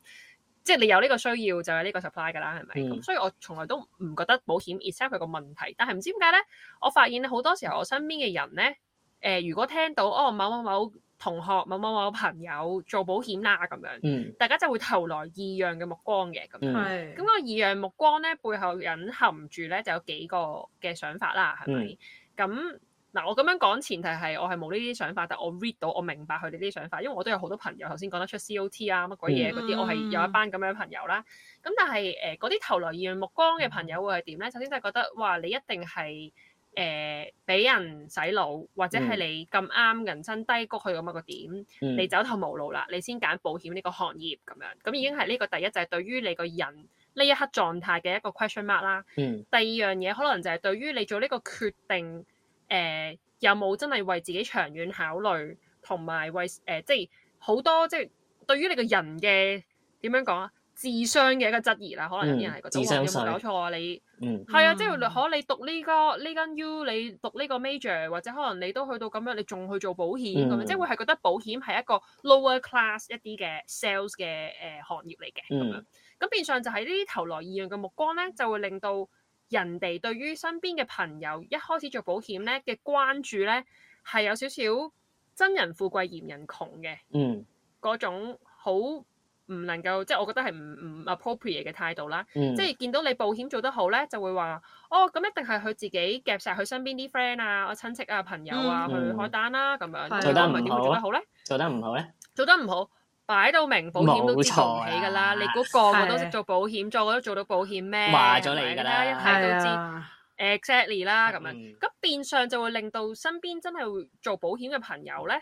即係你有呢個需要就有呢個 supply 噶啦，係咪？咁、嗯、所以我從來都唔覺得保險 itself 係個問題。但係唔知點解咧，我發現好多時候我身邊嘅人咧，誒、呃，如果聽到哦某某某。同學某某某朋友做保險啦咁樣，嗯、大家就會投來異樣嘅目光嘅咁樣。咁、嗯、個異樣目光咧，背後隱含唔住咧就有幾個嘅想法啦，係咪？咁嗱、嗯，我咁樣講前提係我係冇呢啲想法，但我 read 到我明白佢哋啲想法，因為我都有好多朋友頭先講得出 COT 啊乜鬼嘢嗰啲，嗯、我係有一班咁樣嘅朋友啦。咁但係誒嗰啲投來異樣目光嘅朋友會係點咧？嗯、首先就係覺得嘩你一定係。誒俾、呃、人洗腦，或者係你咁啱人生低谷去咁樣個點，嗯、你走投無路啦，你先揀保險呢個行業咁樣，咁已經係呢個第一就係、是、對於你個人呢一刻狀態嘅一個 question mark 啦。嗯、第二樣嘢可能就係對於你做呢個決定，誒、呃、有冇真係為自己長遠考慮，同埋為誒即係好多即係、就是、對於你個人嘅點樣講啊？智商嘅一個質疑啦，可能有啲人係個智商有冇搞錯啊？你，嗯，係啊，嗯、即係可你讀呢、這個呢間、這個、U，你讀呢個 major 或者可能你都去到咁樣，你仲去做保險咁、嗯、樣，即係會係覺得保險係一個 lower class 一啲嘅 sales 嘅誒、呃、行業嚟嘅咁樣。咁、嗯、變相就係呢啲投來異樣嘅目光咧，就會令到人哋對於身邊嘅朋友一開始做保險咧嘅關注咧係有少少真人富貴嫌人窮嘅，嗯，嗰、嗯、種好。唔能夠，即係我覺得係唔唔 appropriate 嘅態度啦。即係見到你保險做得好咧，就會話哦，咁一定係佢自己夾曬佢身邊啲 friend 啊、親戚啊、朋友啊去開單啦咁樣。做得唔係點會做得好咧？做得唔好咧？做得唔好，擺到明保險都知道唔起噶啦。你估個個都識做保險，再個都做到保險咩？話咗你噶啦，一睇都知。exactly 啦咁樣，咁變相就會令到身邊真係會做保險嘅朋友咧。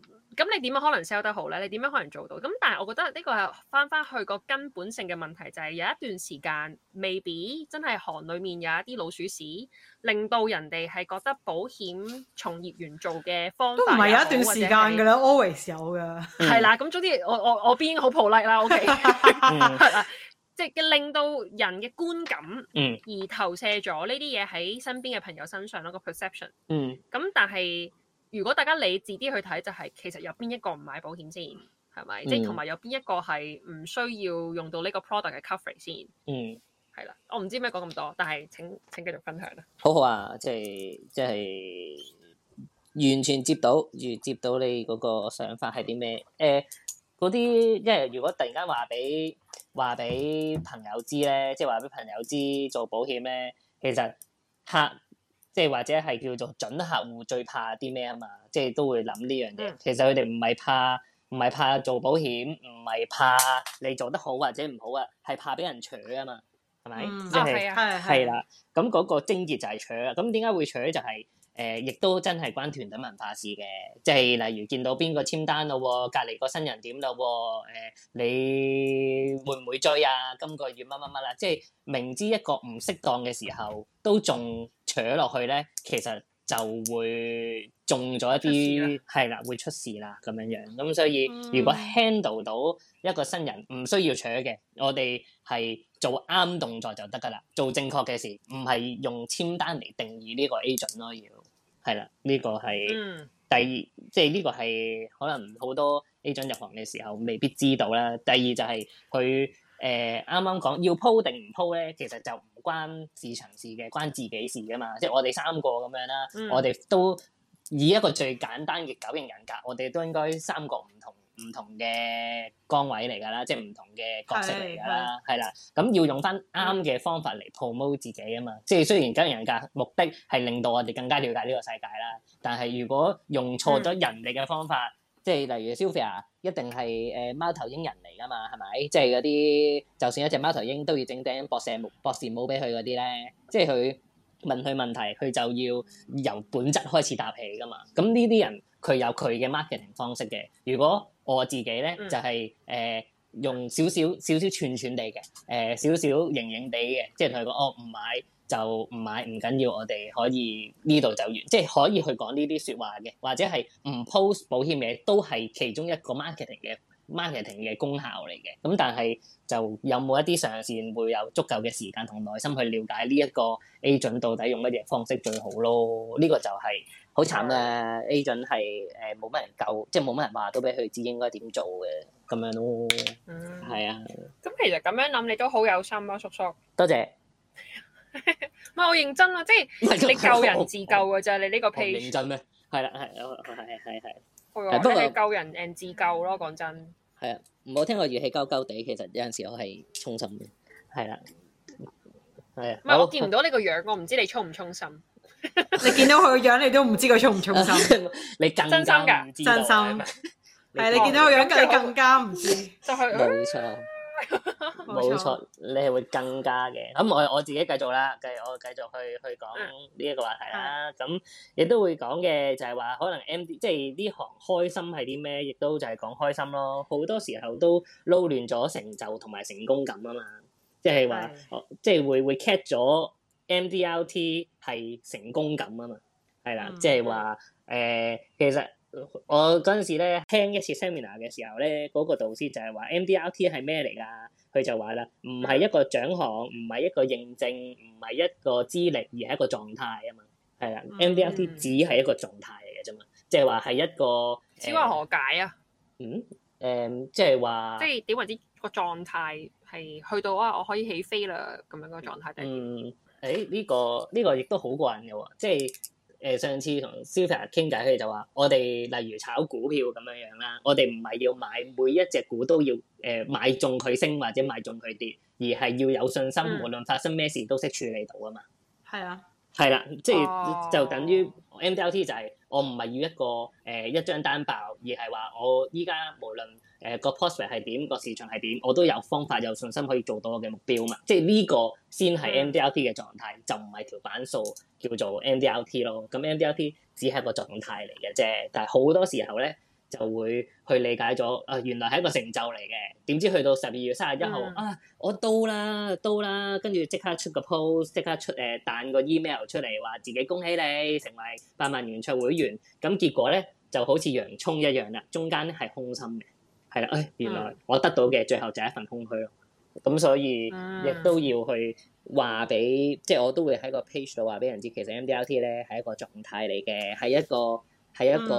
咁你點樣可能 sell 得好咧？你點樣可能做到？咁但係我覺得呢個係返返去個根本性嘅問題，就係有一段時間未必真係行裡面有一啲老鼠屎，令到人哋係覺得保險從業員做嘅方法都唔係有一段時間㗎啦，always 有㗎。係啦、嗯，咁總之我我我邊好 polite 啦，OK，係 啦、嗯，即係、就是、令到人嘅觀感而投射咗呢啲嘢喺身邊嘅朋友身上咯，個 perception。嗯。咁但係。如果大家理智啲去睇，就係、是、其實有邊一個唔買保險先，係咪？嗯、即係同埋有邊一個係唔需要用到呢個 product 嘅 coverage 先？嗯，係啦，我唔知咩講咁多，但係請請繼續分享啦。好好啊，即係即係完全接到，接接到你嗰個想法係啲咩？誒、欸，嗰啲因為如果突然間話俾話俾朋友知咧，即係話俾朋友知做保險咧，其實客。即係或者係叫做準客戶最怕啲咩啊嘛，即係都會諗呢樣嘢。嗯，其實佢哋唔係怕，唔係怕做保險，唔係怕你做得好或者唔好啊，係怕俾人搶啊嘛，係咪？嗯，係啊，係啦。咁嗰個癥結就係搶啊。咁點解會搶就係？誒，亦、呃、都真係關團隊文化的事嘅，即係例如見到邊個簽單咯，隔離個新人點咯，誒、呃，你會唔會追啊？今個月乜乜乜啦，即係明知一個唔適當嘅時候，都仲扯落去咧，其實就會中咗一啲係啦，會出事啦咁樣樣。咁所以、嗯、如果 handle 到一個新人唔需要扯嘅，我哋係做啱動作就得㗎啦，做正確嘅事，唔係用簽單嚟定義呢個 agent 咯要。係啦，呢、這個係第二，嗯、即係呢個係可能好多 A 樽入行嘅時候未必知道啦。第二就係佢誒啱啱講要鋪定唔鋪咧，其實就唔關市場事嘅，關自己事噶嘛。即係我哋三個咁樣啦，嗯、我哋都以一個最簡單嘅九型人格，我哋都應該三個唔同。唔同嘅崗位嚟㗎啦，即係唔同嘅角色嚟㗎啦，係啦，咁要用翻啱嘅方法嚟 promote 自己啊嘛，即係雖然假人格目的係令到我哋更加了解呢個世界啦，但係如果用錯咗人哋嘅方法，嗯、即係例如 Sophia 一定係誒貓頭鷹人嚟㗎嘛，係咪？即係嗰啲就算一隻貓頭鷹都要整頂博士帽博士帽俾佢嗰啲咧，即係佢問佢問題，佢就要由本質開始答起㗎嘛。咁呢啲人佢有佢嘅 marketing 方式嘅，如果我自己咧就係、是、誒、呃、用少少少少串串地嘅，誒少少型型地嘅，即係同佢講，哦，唔買就唔買，唔緊要，我哋可以呢度就完，即、就、係、是、可以去講呢啲説話嘅，或者係唔 post 保險嘅，都係其中一個 marketing 嘅 marketing 嘅功效嚟嘅。咁但係就有冇一啲上線會有足夠嘅時間同耐心去了解呢一個 agent 到底用乜嘢方式最好咯？呢、這個就係、是。好慘嘅 A 俊係誒冇乜人救，即係冇乜人話到俾佢知應該點做嘅咁樣咯。嗯，係啊。咁、嗯、其實咁樣諗你都好有心啦、啊，叔叔。多謝。唔係我認真啊，即係你救人自救嘅、啊、啫。你呢個 P 認真咩、啊？係啦、啊，係、啊，係係係。不過救人 a 自救咯，講真 。係啊，唔好聽我語氣鳩鳩地。其實有陣時我係衷心嘅。係啦。係啊。唔係我見唔到你個樣，我唔知你充唔充心。 你見到佢個樣，你都唔知佢衷唔衷心， 你真心，你更加唔知，真心係你見到個樣，你更加唔知，冇錯，冇錯，你係會更加嘅。咁我我自己繼續啦，繼我繼續去去講呢一個話題啦。咁亦、嗯嗯、都會講嘅，就係話可能 M D, 即係呢行開心係啲咩，亦都就係講開心咯。好多時候都撈亂咗成就同埋成功感啊嘛，即係話、嗯、即係會會 catch 咗。MDRT 係成功感啊嘛，係啦，即係話誒，其實我嗰陣時咧聽一次 seminar 嘅時候咧，嗰、嗰個導師就係話 MDRT 係咩嚟㗎？佢就話啦，唔係一個獎項，唔係一個認證，唔係一個資歷，而係一個狀態啊嘛，係啦，MDRT 只係一個狀態嚟嘅啫嘛，即係話係一個，此話何解啊？嗯、誒，嗯就是、即係話即係點為之個狀態係去到啊，我可以起飛啦咁樣個狀態定？嗯誒呢、哎這個呢、這個亦都好過癮嘅喎，即係誒、呃、上次同 Sylvia 傾偈，佢就話我哋例如炒股票咁樣樣啦，我哋唔係要買每一隻股都要誒、呃、買中佢升或者買中佢跌，而係要有信心，嗯、無論發生咩事都識處理到啊嘛。係啊，係啦、啊，即係就等於 M D R T 就係、是、我唔係要一個誒、呃、一張單爆，而係話我依家無論，誒、呃、個 post rate 係點，個市場係點，我都有方法有信心可以做到我嘅目標嘛？即係呢個先係 M D R T 嘅狀態，就唔係條板數叫做 M D R T 咯。咁 M D R T 只係個狀態嚟嘅啫，但係好多時候咧就會去理解咗啊、呃，原來係一個成就嚟嘅。點知去到十二月三十一號啊，我到啦到啦，跟住即刻出個 post，即刻出誒彈個 email 出嚟話自己恭喜你成為百萬元卓會員，咁結果咧就好似洋葱一樣啦，中間咧係空心嘅。係啦，誒、哎，原來我得到嘅、嗯、最後就係一份空虛咯。咁所以亦都要去話俾，嗯、即係我都會喺個 page 度話俾人知，其實 MDRT 咧係一個狀態嚟嘅，係一個係一個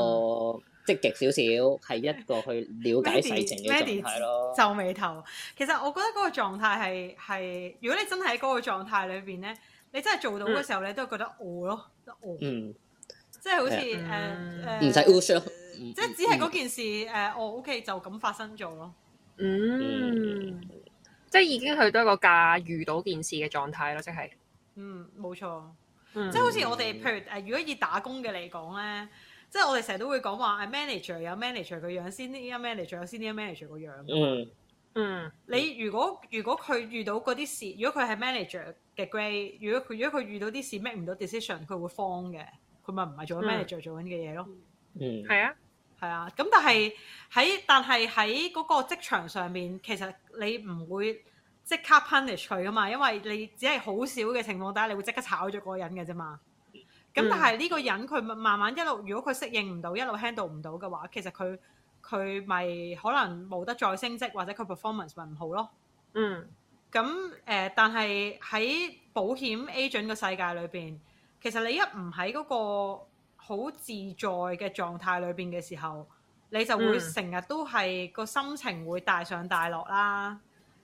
積、嗯、極少少，係一個去了解事情嘅狀態咯。皺眉頭，其實我覺得嗰個狀態係如果你真係喺嗰個狀態裏邊咧，你真係做到嘅時候咧，都係覺得餓咯，餓。嗯。嗯，即係好似誒唔使餓傷。嗯 uh, 即係只係嗰件事，誒，我屋企就咁發生咗咯。嗯，即係已經去到一個假遇到件事嘅狀態咯，即係。嗯，冇錯。即係好似我哋，譬如誒，如果以打工嘅嚟講咧，即係我哋成日都會講話，manager 有 manager 嘅樣，先啲 manager 有先啲 manager 個樣。嗯。嗯。你如果如果佢遇到嗰啲事，如果佢係 manager 嘅 grade，如果佢如果佢遇到啲事 make 唔到 decision，佢會慌嘅，佢咪唔係做 manager 做緊嘅嘢咯。嗯。係啊。係啊，咁但係喺但係喺嗰個職場上面，其實你唔會即刻 punish 佢噶嘛，因為你只係好少嘅情況底下，你會即刻炒咗嗰個人嘅啫嘛。咁但係呢個人佢慢慢一路，如果佢適應唔到，一路 handle 唔到嘅話，其實佢佢咪可能冇得再升職，或者佢 performance 咪唔好咯。嗯。咁誒、呃，但係喺保險 agent 嘅世界裏邊，其實你一唔喺嗰個好自在嘅狀態裏邊嘅時候，你就會成日都係個心情會大上大落啦，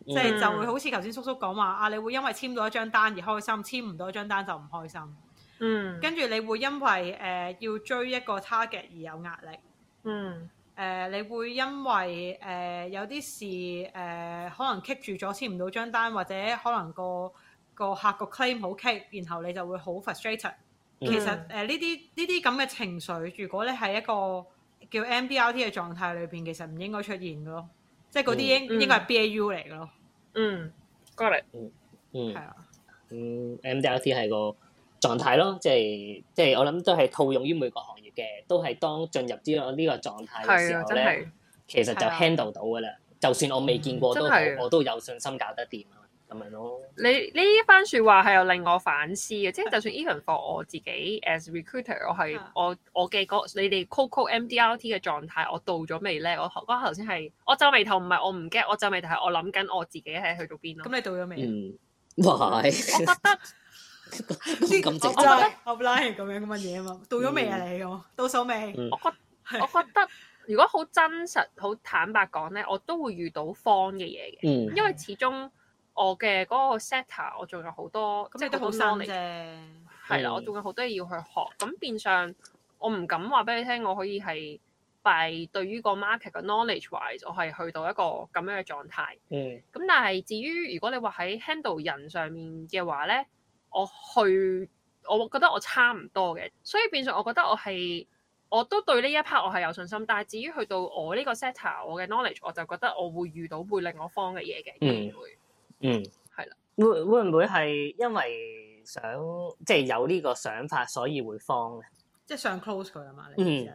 即係、mm. 就，就會好似頭先叔叔講話，啊，你會因為簽到一張單而開心，簽唔到一張單就唔開心。嗯，mm. 跟住你會因為誒、呃、要追一個 target 而有壓力。嗯，誒，你會因為誒、呃、有啲事誒、呃、可能 keep 住咗，簽唔到張單，或者可能個個客個 claim 好棘，然後你就會好 frustrated。其實誒呢啲呢啲咁嘅情緒，如果咧係一個叫 MDRT 嘅狀態裏邊，其實唔應該出現嘅咯，即係嗰啲應應該係 BAU 嚟嘅咯。嗯過嚟，嗯、啊、嗯，係啊。嗯 MDRT 係個狀態咯，即係即係我諗都係套用於每個行業嘅，都係當進入呢個呢個狀態嘅時候咧，啊、其實就 handle 到嘅啦。啊、就算我未見過都好，我都有信心搞得掂。咁樣咯，你呢番説話係又令我反思嘅，即係就算 even for 我自己 as recruiter，我係我我嘅嗰你哋 call call MDRT 嘅狀態，我到咗未咧？我嗰頭先係我皺眉頭，唔係我唔 get，我皺眉頭係我諗緊我自己係去到邊咯。咁你到咗未啊？嗯，唔係，我覺得咁直真 online 咁樣乜嘢啊嘛？到咗未啊你？我到手未？我覺得，我覺得如果好真實、好坦白講咧，我都會遇到方嘅嘢嘅，因為始終。我嘅嗰個 setter，我做咗好多，即係都好新啫，係啦你，我仲有好多嘢要去學。咁、嗯、變相我唔敢話俾你聽，我可以係，但係對於個 market 嘅 knowledge wise，我係去到一個咁樣嘅狀態。嗯，咁但係至於如果你話喺 handle 人上面嘅話咧，我去我覺得我差唔多嘅，所以變相我覺得我係我都對呢一 part 我係有信心。但係至於去到我呢個 setter，我嘅 knowledge，我就覺得我會遇到一會另外方嘅嘢嘅機嗯，係啦，會會唔會係因為想即係有呢個想法，所以會慌嘅？即係想 close 佢啊嘛？嗯，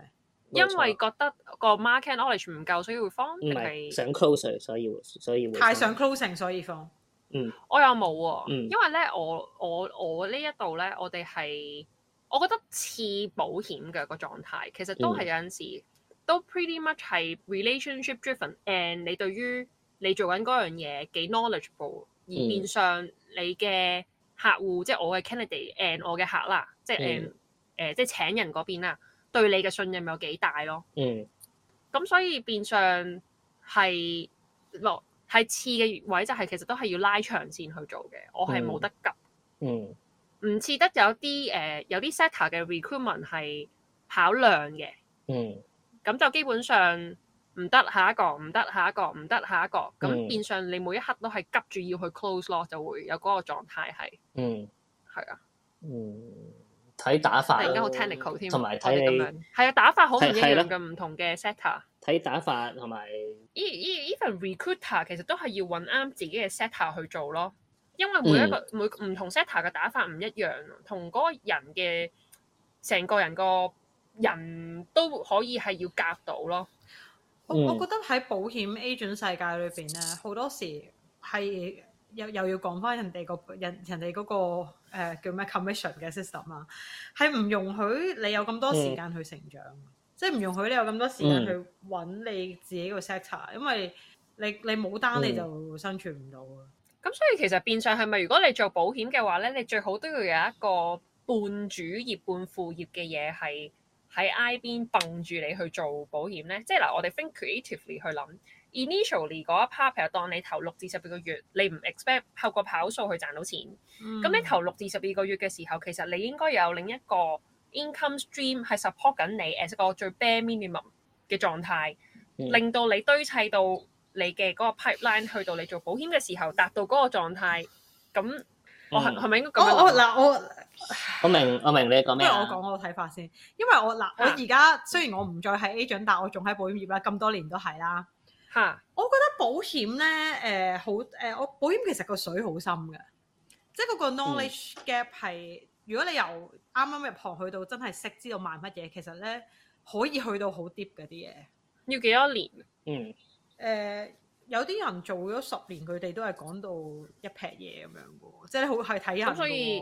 因為覺得個 market knowledge 唔夠，所以會慌，定係想 close 所以所以太想 closing，所以慌。嗯，我又冇啊，嗯、因為咧，我我我呢一度咧，我哋係，我覺得似保險嘅、個狀態，其實都係有陣時、嗯、都 pretty much 係 relationship driven，and 你對於。你做緊嗰樣嘢幾 knowledgeable，而變相你嘅客戶、嗯，即係我嘅 candidate and 我嘅客啦，即係誒誒，即係請人嗰邊啊，對你嘅信任有幾大咯？嗯，咁所以變相係落係次嘅位、就係，就係其實都係要拉長線去做嘅，我係冇得急。嗯，唔似得有啲誒有啲 sector 嘅 recruitment 係跑量嘅。嗯，咁、呃嗯嗯、就基本上。唔得，下一個唔得，下一個唔得，下一個咁變相你每一刻都係急住要去 close 咯，就會有嗰個狀態係嗯係啊的嗯睇打法，突然間好 technical 添，同埋睇你係啊打法好唔一樣嘅唔的同嘅 setter，睇打法同埋依依 even recruiter 其實都係要揾啱自己嘅 setter 去做咯，因為每一個、嗯、每唔同 setter 嘅打法唔一樣，同嗰個人嘅成個人個人都可以係要夾到咯。我我覺得喺保險 agent 世界裏邊咧，好多時係又又要講翻人哋個人人哋嗰個誒叫咩 commission 嘅 system 啊，係唔容許你有咁多時間去成長，即係唔容許你有咁多時間去揾你自己個 sector，因為你你冇單你就生存唔到啊。咁、嗯、所以其實變相係咪如果你做保險嘅話咧，你最好都要有一個半主業半副業嘅嘢係？喺 I 邊蹦住你去做保險咧，即係嗱，我哋 think creatively 去諗 ，initially 嗰一 part，譬如當你投六至十二個月，你唔 expect 透過跑數去賺到錢，咁、嗯、你投六至十二個月嘅時候，其實你應該有另一個 income stream 係 support 緊你，as 個最 bare minimum 嘅狀態，嗯、令到你堆砌到你嘅嗰個 pipeline 去到你做保險嘅時候達到嗰個狀態，咁。我係咪、嗯、應該咁樣講？我嗱我我，我，我明我明你講咩、啊？不如我講我睇法先，因為我嗱我而家、啊、雖然我唔再係 agent，但係我仲喺保險業啦，咁多年都係啦。嚇、啊！我覺得保險咧誒、呃、好誒，我、呃、保險其實個水好深嘅，即係嗰個 knowledge gap 係，如果你由啱啱入行去到真係識知道賣乜嘢，其實咧可以去到好 deep 嗰啲嘢。要幾多年？嗯。誒、呃。有啲人做咗十年，佢哋都係講到一撇嘢咁樣嘅，即係好係睇下咁，所以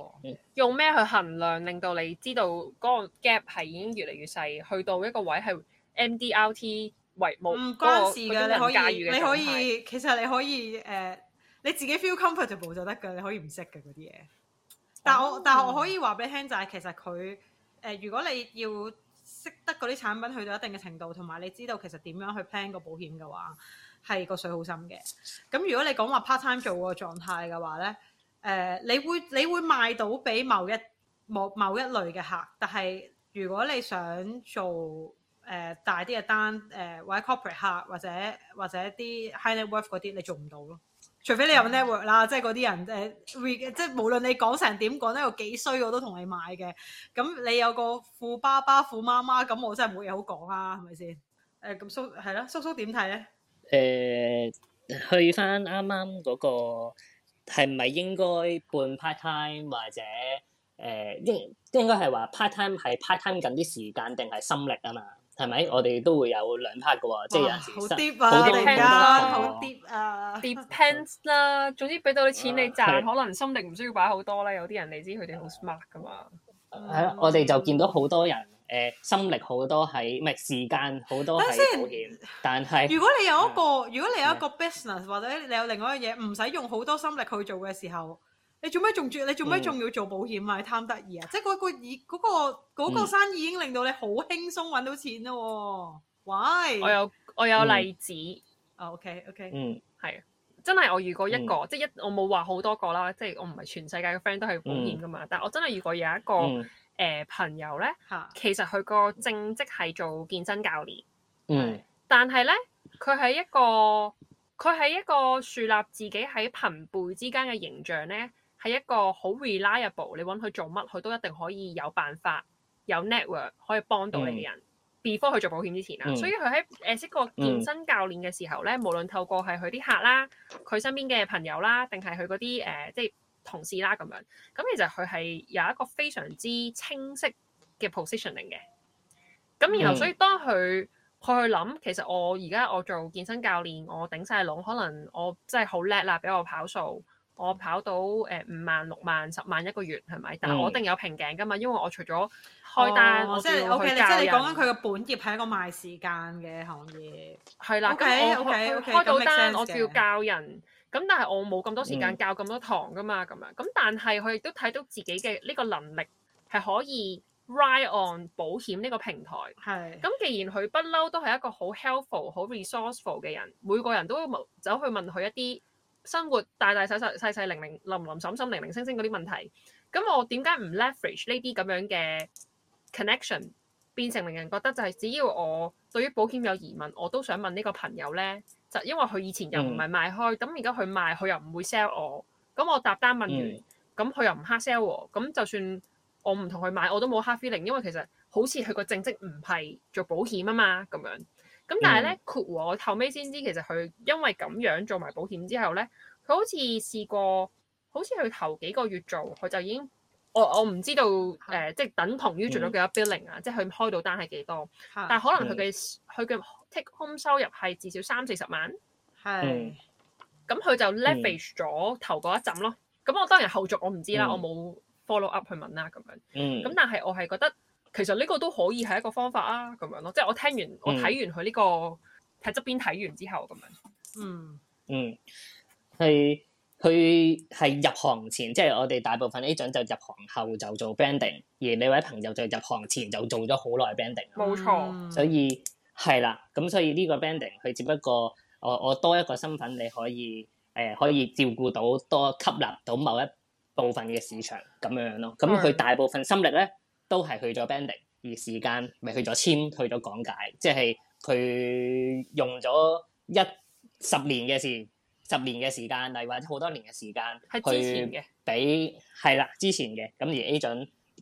用咩去衡量，令到你知道嗰個 gap 係已經越嚟越細，去到一個位係 MDRT 冇關事㗎，你可以駕馭嘅，其實你可以誒你自己 feel comfortable 就得㗎，你可以唔識嘅嗰啲嘢。但係我但係我可以話俾你聽就係，其實佢誒，如果你要識得嗰啲產品去到一定嘅程度，同埋你知道其實點樣去 plan 個保險嘅話。係個水好深嘅咁。如果你講話 part time 做個狀態嘅話咧，誒、呃，你會你會賣到俾某一某某一類嘅客，但係如果你想做誒、呃、大啲嘅單誒或者 corporate 客或者客或者啲 high net worth 嗰啲，你做唔到咯。除非你有 network 啦，嗯、即係嗰啲人誒、呃，即係無論你講成點講得有幾衰，我都同你買嘅。咁你有個富爸爸、富媽媽，咁我真係冇嘢好講啦、啊，係咪先？誒、呃、咁叔係啦，叔叔點睇咧？誒，去返啱啱嗰個係咪應該半 part time 或者誒應都應該係話 part time 係 part time 緊啲時間定係心力啊嘛？係咪？我哋都會有兩 part 嘅喎，即係有時好 deep 啊！好聽啦、啊，好 deep 啊！Depends 啦，Dep 總之俾到啲錢你賺，啊、可能心力唔需要擺好多啦。有啲人你知佢哋好 smart 噶嘛？係咯，我哋就見到好多人。誒心力好多係，唔係時間好多係保險，但係但係如果你有一個，嗯、如果你有一個 business 或者你有另外一樣嘢，唔使用好多心力去做嘅時候，你做咩仲做？你做咩仲要做保險啊？嗯、你貪得意啊！即係嗰、嗰個已嗰、嗰個嗰個生意已經令到你好輕鬆揾到錢咯、哦。喂我有我有例子啊、嗯嗯。OK OK。嗯，係啊，真係我遇過一個，嗯、即係一我冇話好多個啦，即係我唔係全世界嘅 friend 都係保險噶嘛，但係我真係遇過有一個。嗯誒、呃，朋友咧，其實佢個正職係做健身教練，嗯，但係咧，佢係一個，佢係一個樹立自己喺朋輩之間嘅形象咧，係一個好 reliable，你揾佢做乜，佢都一定可以有辦法，有 network 可以幫到你嘅人。嗯、before 佢做保險之前啊，嗯、所以佢喺誒識個健身教練嘅時候咧，嗯、無論透過係佢啲客啦，佢身邊嘅朋友啦，定係佢嗰啲誒，即係。同事啦咁樣，咁其實佢係有一個非常之清晰嘅 positioning 嘅。咁然後，所以當佢、嗯、去諗，其實我而家我做健身教練，我頂晒籠，可能我真係好叻啦，俾我跑數，我跑到誒、呃、五萬、六萬、十萬一個月係咪？但係我一定有瓶頸㗎嘛，因為我除咗開單，哦哦、即係 OK，即係你講緊佢嘅本業係一個賣時間嘅行業。係業啦，OK，開到單我仲要教人。咁但係我冇咁多時間教咁多堂噶嘛，咁樣。咁但係佢亦都睇到自己嘅呢個能力係可以 ride on 保險呢個平台。係。咁既然佢不嬲都係一個好 helpful、好 resourceful 嘅人，每個人都冇走去問佢一啲生活大大細細、細細零零、林林審審、零零星星嗰啲問題。咁我點解唔 leverage 呢啲咁樣嘅 connection，變成令人覺得就係只要我對於保險有疑問，我都想問呢個朋友咧？就因為佢以前又唔係賣開，咁而家佢賣，佢又唔會 sell 我。咁我搭單問完，咁佢、嗯、又唔 hard sell 我。咁就算我唔同佢買，我都冇 hard feeling，因為其實好似佢個正職唔係做保險啊嘛，咁樣。咁但係咧括我後尾先知，其實佢因為咁樣做埋保險之後咧，佢好似試過，好似佢頭幾個月做，佢就已經，我我唔知道誒、呃，即係等同於做咗幾多 feeling 啊，嗯嗯、即係佢開到單係幾多。嗯、但係可能佢嘅佢嘅。嗯 take home 收入係至少三四十萬，係是，咁佢、嗯、就 leverage 咗頭嗰一陣咯。咁我當然後續我唔知啦，嗯、我冇 follow up 去問啦，咁樣。嗯。咁但係我係覺得其實呢個都可以係一個方法啊，咁樣咯，即、就、係、是、我聽完、嗯、我睇完佢呢、這個喺側、嗯、邊睇完之後咁樣。嗯嗯，係佢係入行前，即、就、係、是、我哋大部分呢種就入行後就做 branding 而你位朋友就入行前就做咗好耐 branding 冇錯、嗯。嗯、所以。係啦，咁所以呢個 banding 佢只不過我我多一個身份，你可以誒、欸、可以照顧到多吸納到某一部分嘅市場咁樣咯。咁佢大部分心力咧都係去咗 banding，而時間咪去咗簽去咗講解，即係佢用咗一十年嘅時十年嘅時間，例如或者好多年嘅時間去俾係啦，之前嘅咁而 A 準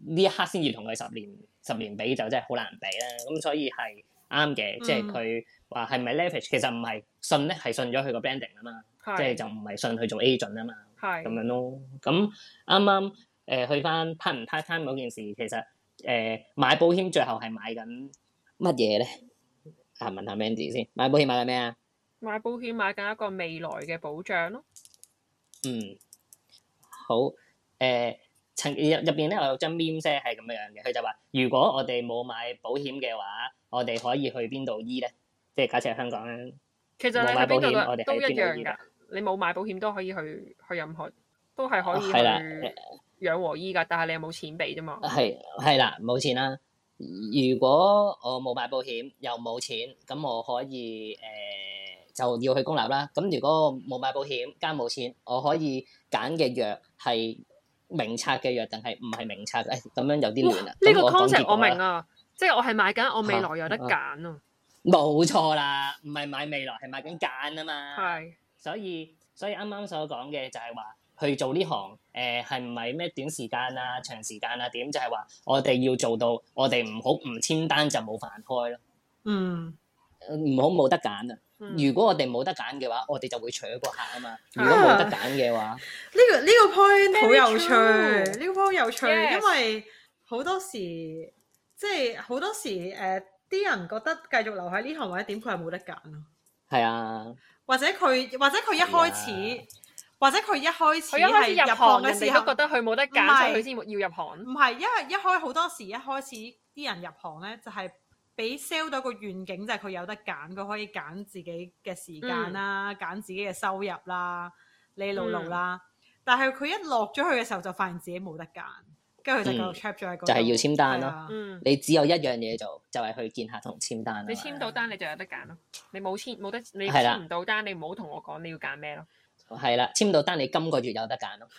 呢一刻先至同佢十年十年比就真係好難比啦。咁所以係。啱嘅，嗯、即係佢話係咪 leverage？其實唔係，信咧係信咗佢個 branding 啊嘛，是即係就唔係信去做 agent 啊嘛，咁是樣咯。咁啱啱誒去翻 part-time 嗰件事，其實誒、呃、買保險最後係買緊乜嘢咧？啊問下 Mandy 先，買保險買緊咩啊？買保險買緊一個未來嘅保障咯。嗯，好誒。呃入入邊咧，我有張面 e m o 係咁樣嘅。佢就話：如果我哋冇買保險嘅話，我哋可以去邊度醫咧？即係假設喺香港咧。其實你喺邊度都一樣㗎。你冇買保險都可以去去任何，都係可以去養和醫㗎。啊、但係你又冇錢俾啫嘛。係係啦，冇錢啦。如果我冇買保險又冇錢，咁我可以誒、呃、就要去公立啦。咁如果我冇買保險加冇錢，我可以揀嘅藥係。明冊嘅約，定係唔係明冊，誒、哎，咁樣有啲亂啦。呢哇個 concept 我明啊，即係我係買緊，我未來有得揀啊。冇錯啦，唔、啊、係買未來，係買緊揀啊嘛。係是，所以剛剛所以啱啱所講嘅就係話去做呢行，誒、呃，係唔係咩短時間啊、長時間啊點？就係、是、話我哋要做到，我哋唔好唔簽單就冇飯開咯。嗯，唔好冇得揀啊。如果我哋冇得揀嘅話，我哋就會除咗個客啊嘛。如果冇得揀嘅話，呢、啊這個呢、這個 point 好有趣，呢個 point 有趣，因為好多時 Yes. 即係好多時誒，啲、呃、人覺得繼續留喺呢行、啊、或者點，佢係冇得揀咯。係啊，或者佢或者佢一開始，啊、或者佢一開始係入行嘅時候覺得佢冇得揀，佢先是要入行。唔係，因為一,一,一,一開好多時一開始啲人入行咧，就係、是。俾 sell 到一個願景，就係、是、佢有得揀，佢可以揀自己嘅時間啦，揀、嗯、自己嘅收入啦、你路路啦。但係佢一落咗去嘅時候，就發現自己冇得揀，跟住佢就喺度 trap 咗喺嗰度。就係、是、要簽單咯，了你只有一樣嘢做，就係、是、去見客同簽單。嗯、你簽到單，你就有得揀咯。你冇簽，冇得你簽唔到單，你唔好同我講你要揀咩咯。係啦，簽到單你今個月有得揀咯，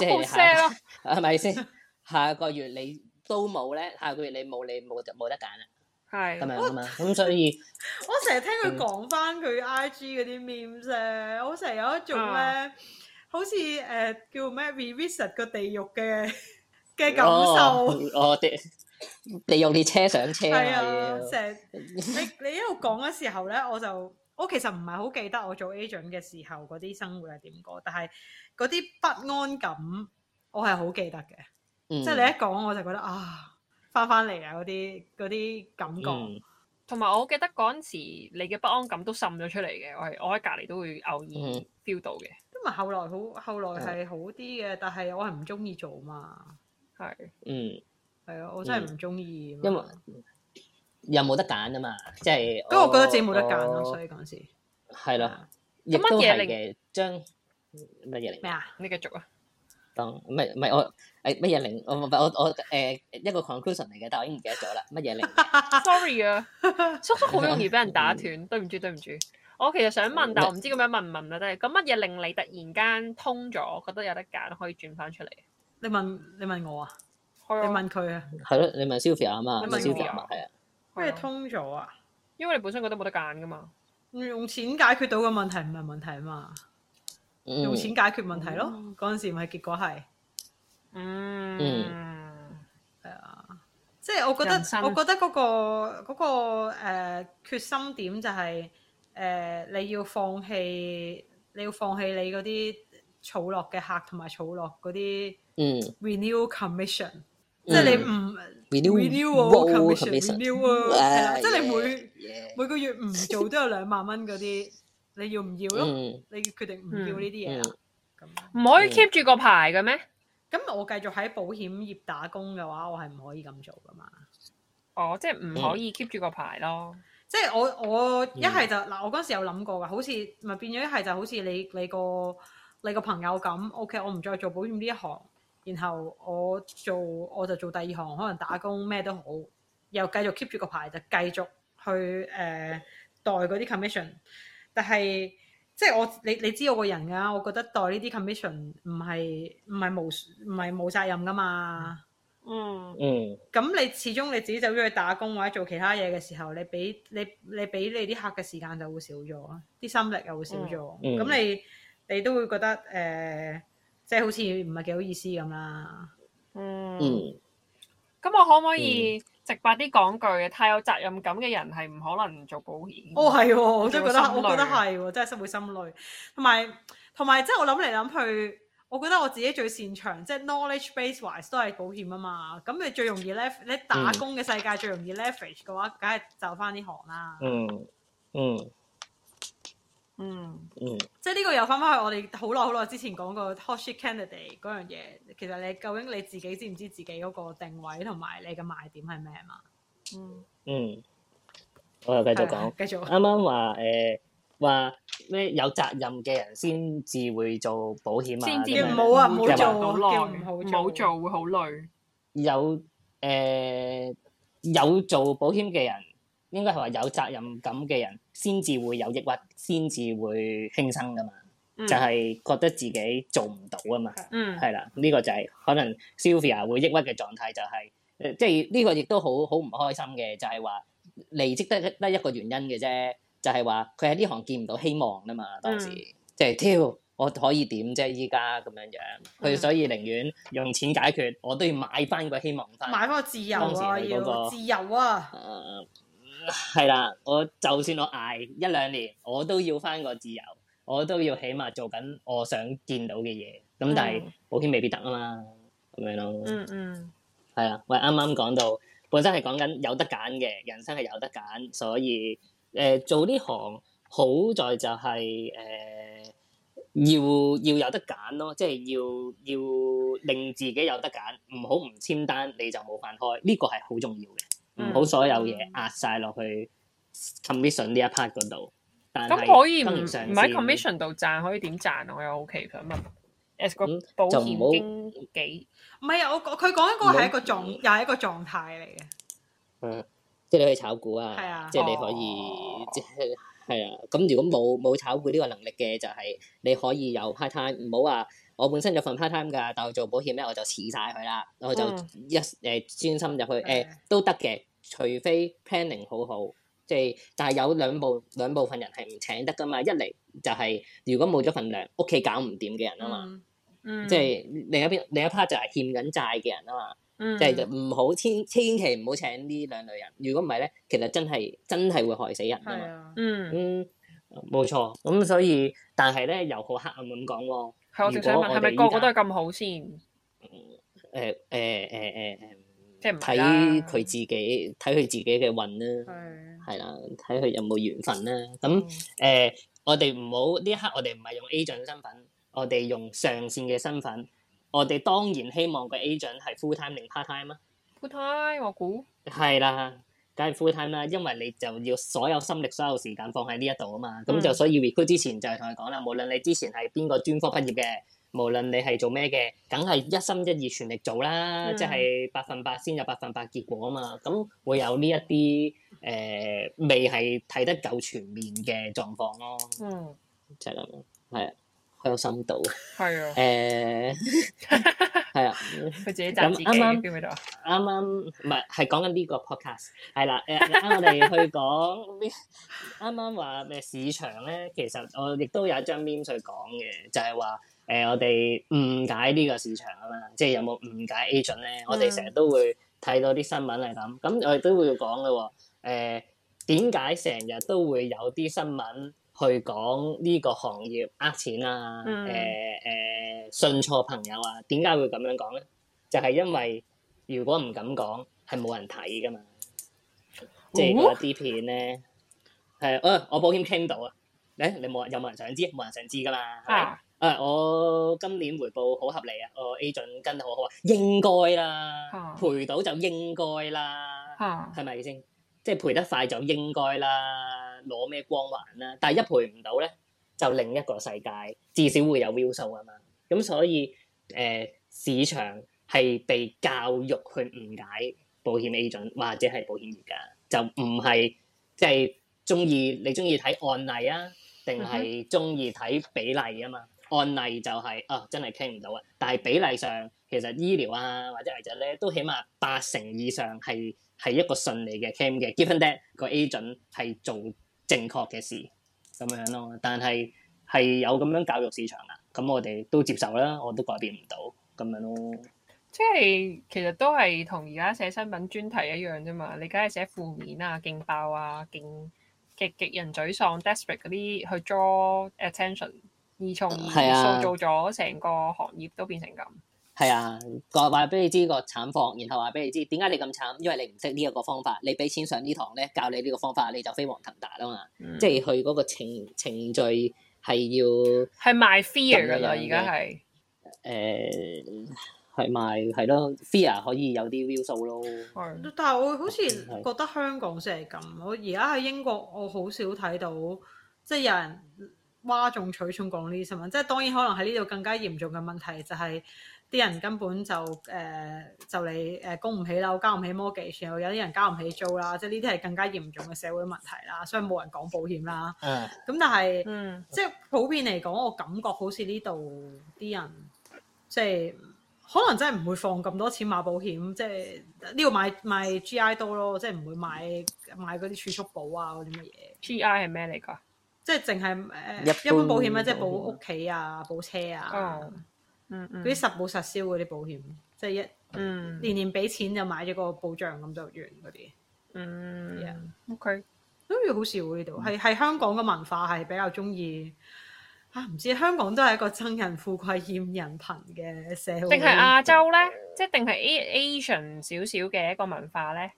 即係係咪先下個月你？都冇咧，下個月你冇你冇就冇得揀啦，係咁的樣咁我所以 我成日聽佢講翻佢 I G 嗰啲 meme，e 我成日有一種咧，啊、好似誒、呃、叫咩 revisit 個地獄嘅嘅感受哦哦，哦，你用你用啲車上車係啊，成日 你你一路講嘅時候咧，我就我其實唔係好記得我做 agent 嘅時候嗰啲生活係點過，但係嗰啲不安感我係好記得嘅。即係你一講，我就覺得啊，翻翻嚟啊，嗰啲啲感覺，同埋、嗯、我記得嗰陣時，你嘅不安感都滲咗出嚟嘅。我係我喺隔籬都會偶爾 feel 到嘅。都唔係後來好，後來係好啲嘅，但係我係唔中意做嘛。係，嗯，係、嗯、啊，我真係唔中意。因為又冇得揀啊嘛，即、就、係、是。不過我覺得自己冇得揀咯，所以嗰陣時係咯，乜嘢嚟嘅。將乜嘢嚟？咩啊？你繼續啊！唔係唔係我誒乜嘢令我我我誒一個 conclusion 嚟嘅，但我已經唔記得咗啦。乜嘢令？Sorry 啊，叔叔好容易俾人打斷，對唔住對唔住。我其實想問，但我唔知咁樣問唔問得。咁乜嘢令你突然間通咗，覺得有得揀，可以轉翻出嚟？你問你問我啊？你問佢啊？係咯，你問 Sophia 啊嘛，Sophia 係啊。乜嘢通咗啊？因為你本身覺得冇得揀噶嘛，用錢解決到嘅問題唔係問題啊嘛。用錢解決問題咯，嗰陣、mm. 時咪結果係，嗯，係啊，即係我覺得，我覺得嗰、那個嗰、那個誒、uh, 決心點就係、是，誒、uh, 你要放棄，你要放棄你嗰啲儲落嘅客同埋儲落嗰啲，renew commission，、mm. 即係你唔 renew commission，、mm. re 即係你每 yeah, yeah. 每個月唔做都有兩萬蚊嗰啲。你要唔要咯？你決定唔要呢啲嘢啦，唔、嗯嗯、咁唔可以 keep 住個牌嘅咩？咁、嗯、我繼續喺保險業打工嘅話，我係唔可以咁做噶嘛？哦，即係唔可以 keep 住個牌咯。嗯嗯、即係我我一係就嗱，我嗰時有諗過㗎，好似咪變咗一係就好似你你個你個朋友咁，OK，我唔再做保險呢一行，然後我做我就做第二行，可能打工咩都好，又繼續 keep 住個牌就繼續去誒、呃、代嗰啲 commission。但係，即係我你你知我個人噶、啊,我覺得代呢啲 commission 唔係唔係冇唔係冇責任噶嘛。嗯嗯。咁、嗯、你始終你自己走咗去打工或者做其他嘢嘅時候，你俾你你俾你啲客嘅時間就會少咗，啲心力又會少咗。咁、嗯嗯、你你都會覺得誒，即、呃、係、就是、好似唔係幾好意思咁啦。嗯。咁、嗯嗯、我可唔可以、嗯？直白啲講句，太有責任感嘅人係唔可能做保險。哦，係喎、哦，我真係覺得，我覺得係喎，真係心會心累。同埋同埋，即係、就是、我諗嚟諗去，我覺得我自己最擅長，即、就、係、是、knowledge base wise 都係保險啊嘛。咁你最容易 l 你打工嘅世界最容易 leverage 嘅、嗯、話，梗係就返呢行啦。嗯嗯。嗯嗯，嗯，即係呢個又翻翻去我哋好耐好耐之前講過 hotshot candidate 嗰樣嘢，其實你究竟你自己知唔知自己嗰個定位同埋你嘅賣點係咩啊嘛？嗯，嗯，我又繼續講，繼續，啱啱話誒，話、欸、咩有責任嘅人先至會做保險啊，先至唔好啊，唔樣好做，好耐，唔好做，會好累。有誒、欸，有做保險嘅人。應該係話有責任感嘅人先至會有抑鬱，先至會輕生㗎嘛？嗯、就係覺得自己做唔到啊嘛。係啦、嗯，呢、這個就係、是、可能 Sylvia 會抑鬱嘅狀態、就是呃，就係即係呢個亦都好好唔開心嘅，就係、是、話離職得得一個原因嘅啫，就係話佢喺呢行見唔到希望啊嘛。當時即係，挑、嗯就是，我可以點啫？依家咁樣樣，佢、嗯、所以寧願用錢解決，我都要買返個希望翻，買返個自由自由啊！係啦，我就算我捱一兩年，我都要返個自由，我都要起碼做緊我想見到嘅嘢。咁但係，保險未必得啊嘛，咁樣咯。嗯嗯。係啦，我啱啱講到，本身係講緊有得揀嘅，人生係有得揀，所以誒、呃、做呢行好在就係、是、誒、呃、要要有得揀咯，即係要要令自己有得揀，唔好唔簽單你就冇飯開，呢、這個係好重要嘅。唔好所有嘢壓晒落去 commission 呢一 part 嗰度，咁、嗯、可以唔唔喺 commission 度賺，可以點賺？我又好奇佢，啊！咁唔好經紀唔係啊，我佢講嗰個係一個狀又係一個狀態嚟嘅。嗯，即係你炒股啊，即係你可以即係係啊。咁如果冇冇炒股呢個能力嘅，就係你可以有 part time。唔好話我本身有份 part time 㗎，但係做保險咧，我就辭晒佢啦。我就一誒專心入去誒都得嘅。除非 planning 好好，即、就、係、是，但係有兩部兩部分人係唔請得噶嘛，一嚟就係如果冇咗份糧，屋企搞唔掂嘅人啊嘛，即係、嗯嗯、另一邊另一 part 就係欠緊債嘅人啊嘛，即係就唔好千千祈唔好請呢兩類人。如果唔係咧，其實真係真係會害死人噶嘛、啊，嗯，冇、嗯、錯，咁所以但係咧又好黑暗咁講喎，係我淨係想問係咪個個都係咁好先？誒誒誒誒即係睇佢自己，睇佢自己嘅運啦，係啦的，睇佢有冇緣分啦。咁誒的、呃，我哋唔好呢一刻，我哋唔係用 agent 身份，我哋用上線嘅身份。我哋當然希望個 agent 係 full time 定 part time 啊？full time 我估係啦，梗係 full time 啦，因為你就要所有心力、所有時間放喺呢一度啊嘛。咁的就所以 recruit 之前就係同佢講啦，無論你之前係邊個專科畢業嘅。無論你係做咩嘅，梗係一心一意、全力做啦，即係百分百先有百分百結果啊嘛！咁、嗯、會有呢一啲誒未係睇得夠全面嘅狀況咯。嗯就，就係咯，係啊，好有深度。係對啊， 啊，誒係啊，佢自己賺咁啱啱邊位都啱啱，唔係係講緊呢個 podcast 係啦。誒啱我哋去講啱啱話咩市場咧，其實我亦都有一張 meme 去講嘅，就係話。誒、呃，我哋誤解呢個市場啊嘛，即係有冇誤解 agent 咧？Mm. 我哋成日都會睇到啲新聞係咁，咁我哋都會講嘅喎。誒、呃，點解成日都會有啲新聞去講呢個行業呃錢啊？誒誒、mm. 呃呃，信錯朋友啊？點解會咁樣講咧？就係、是、因為如果唔敢講，係冇人睇噶嘛。即係嗰啲片咧，係啊、哦呃，我保險聽到啊。誒、呃，你冇人有冇人想知？冇人想知噶嘛。啊，啊、呃、我。今年回報好合理好啊！我 agent 跟得好好啊，應該啦，賠到就應該啦，係咪先？即係賠得快就應該啦，攞咩光環啦？但係一賠唔到咧，就另一個世界，至少會有 view 數啊嘛。咁所以誒、呃，市場係被教育去誤解保險 agent 或者係保險業噶，就唔係即係中意你中意睇案例啊，定係中意睇比例啊嘛？嗯案例就係、是、啊、哦，真係傾唔到啊。但係比例上，其實醫療啊，或者係就咧，都起碼八成以上係係一個順利嘅 claim 嘅。Given that 個 agent 準係做正確嘅事咁樣咯，但係係有咁樣教育市場啦。咁我哋都接受啦，我都改變唔到咁樣咯。即係其實都係同而家寫新聞專題一樣啫嘛。你梗係寫負面啊，勁爆啊，勁極極人沮喪、desperate 嗰啲去 draw attention。二而從啊，塑造咗成個行業、啊、都變成咁。係啊，講話俾你知個慘況，然後話俾你知點解你咁慘，因為你唔識呢個方法。你俾錢上堂呢堂咧，教你呢個方法，你就飛黃騰達啦嘛。嗯、即係佢嗰個程程序係要係賣 fear 啊，而家係誒係賣係咯，fear 可以有啲 view 數咯。但係我好似覺得香港先係咁。我而家喺英國我，我好少睇到即係有人嘩眾取寵講呢啲新聞，即係當然可能喺呢度更加嚴重嘅問題就係、是、啲人根本就誒、呃、就你誒供唔起樓，交唔起 Mortgage，然後有啲人交唔起租啦，即係呢啲係更加嚴重嘅社會問題啦，所以冇人講保險啦。咁、uh, 但係是，嗯，即係普遍嚟講，我感覺好似呢度啲人，即係可能真係唔會放咁多錢買保險，即係呢度買買 GI d 多咯，即係唔會買買嗰啲儲蓄保啊嗰啲乜嘢。GI 係咩嚟㗎？即係淨係誒一般保險，保、啊、保險啊，即係保屋企啊，保車啊，嗯嗯，嗰啲實報實銷嗰啲保險，嗯、即係一嗯年年俾錢就買咗個保障咁就完嗰啲，嗯些，OK，都好似好少呢度，係係、嗯、香港嘅文化係比較中意啊，唔知香港都係一個憎人富貴厭人貧嘅社會，定係亞洲咧，即係定係 Asian 少少嘅一個文化咧。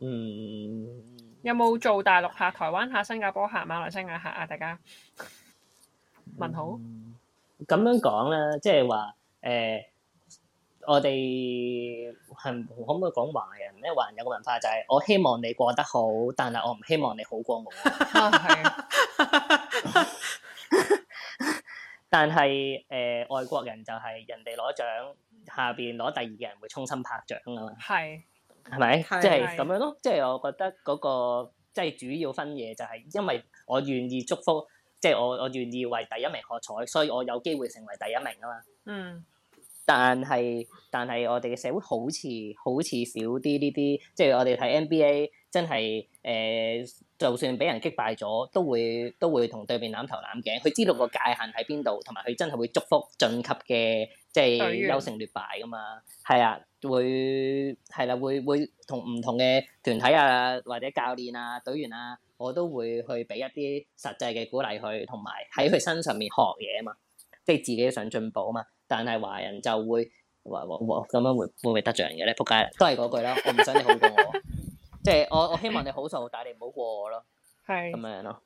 嗯，有冇做大陸客、台灣客、新加坡客、馬來西亞客啊？大家問好。咁樣講咧，即係話誒，我哋係可唔可以講華人咧？華人有個文化就係，我希望你過得好，但係我唔希望你好過我。係。但係誒，外國人就係人哋攞獎，下邊攞第二嘅人會衷心拍掌噶嘛？係。係咪？即係咁樣咯，即係我覺得嗰個即係主要分嘢就係，因為我願意祝福，即係我我願意為第一名喝彩，所以我有機會成為第一名啊嘛。嗯但。但係但係，我哋嘅社會好似好似少啲呢啲，即係我哋睇 NBA 真係誒、呃，就算俾人擊敗咗，都會都會同對面攬頭攬頸，佢知道個界限喺邊度，同埋佢真係會祝福晉級嘅。即係優勝劣敗噶嘛，係啊，會係啦，會會同唔同嘅團體啊，或者教練啊、隊員啊，我都會去俾一啲實際嘅鼓勵佢，同埋喺佢身上面學嘢啊嘛，即係自己想進步啊嘛。但係華人就會，咁樣會會唔會得罪人嘅咧？仆街，都係嗰句啦，我唔想你好過我，即係 我我希望你好受，但係你唔好過我咯，係咁是樣咯，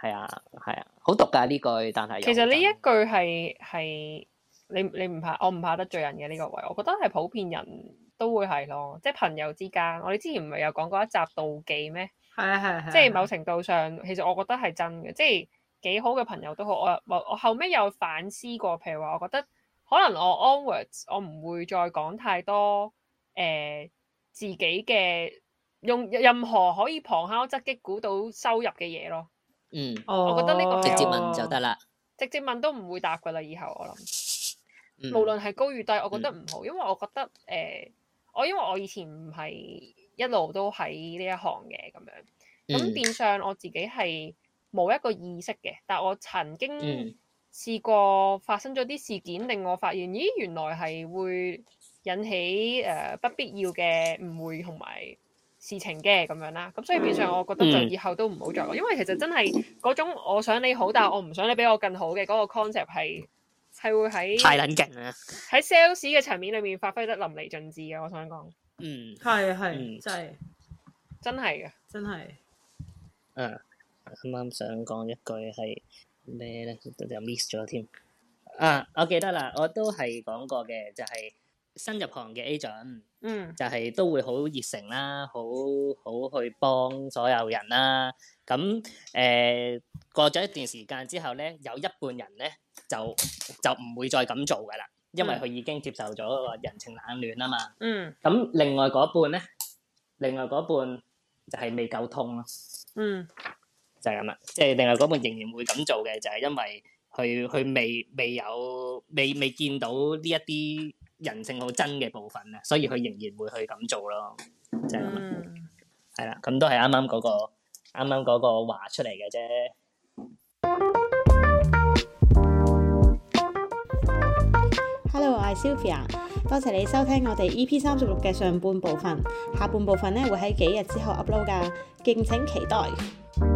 係啊係啊，好毒噶呢句，但係其實呢一句係係。 你你唔怕我唔怕得罪人嘅呢、這個位，我覺得係普遍人都會係咯，即係朋友之間。我哋之前唔係有講過一集妒忌咩？係啊係，即係某程度上其實我覺得係真嘅，即係幾好嘅朋友都好。我我我後尾有反思過，譬如話我覺得可能我 onwards 我唔會再講太多誒、呃、自己嘅用任何可以旁敲側擊估到收入嘅嘢咯。嗯，我覺得呢個直接問就得啦。直接問都唔會答㗎啦，以後我諗。無論係高與低，我覺得唔好，嗯嗯、因為我覺得誒，我、呃、因為我以前唔係一路都喺呢一行嘅，咁樣，咁變相我自己係冇一個意識嘅，但我曾經試過發生咗啲事件，令我發現，咦，原來係會引起誒、呃、不必要嘅誤會同埋事情嘅咁樣啦，咁所以變相我覺得就以後都唔好再，嗯嗯、因為其實真係嗰種我想你好，但係我唔想你比我更好嘅嗰、嗰個 concept 係。係會喺太捻勁啦！喺 sales 嘅層面裏面發揮得淋漓盡致嘅，我想講。嗯，係啊係，真係真係嘅，真係。嗯，啱啱想講一句係咩咧？就 miss 咗添。啊，我記得啦，我都係講過嘅，就係新入行嘅 agent，嗯，就係都會好熱誠啦，好好去幫所有人啦。咁誒，過咗一段時間之後咧，有一半人咧，就就唔會再咁做嘅啦，因為佢已經接受咗嗰個人情冷暖啊嘛。嗯。咁另外嗰半咧，另外嗰半就係未夠通咯。嗯。就係咁啦，即係另外嗰半仍然會咁做嘅，就係因為佢佢未未有未未見到呢一啲人性好真嘅部分啊，所以佢仍然會去咁做咯。就係咁啦。係啦、嗯，咁都係啱啱嗰個啱啱嗰個話出嚟嘅啫。Sylvia，多謝你收聽我哋 E.P. 三十六嘅上半部分，下半部分咧會喺幾日之後 upload 㗎，敬請期待。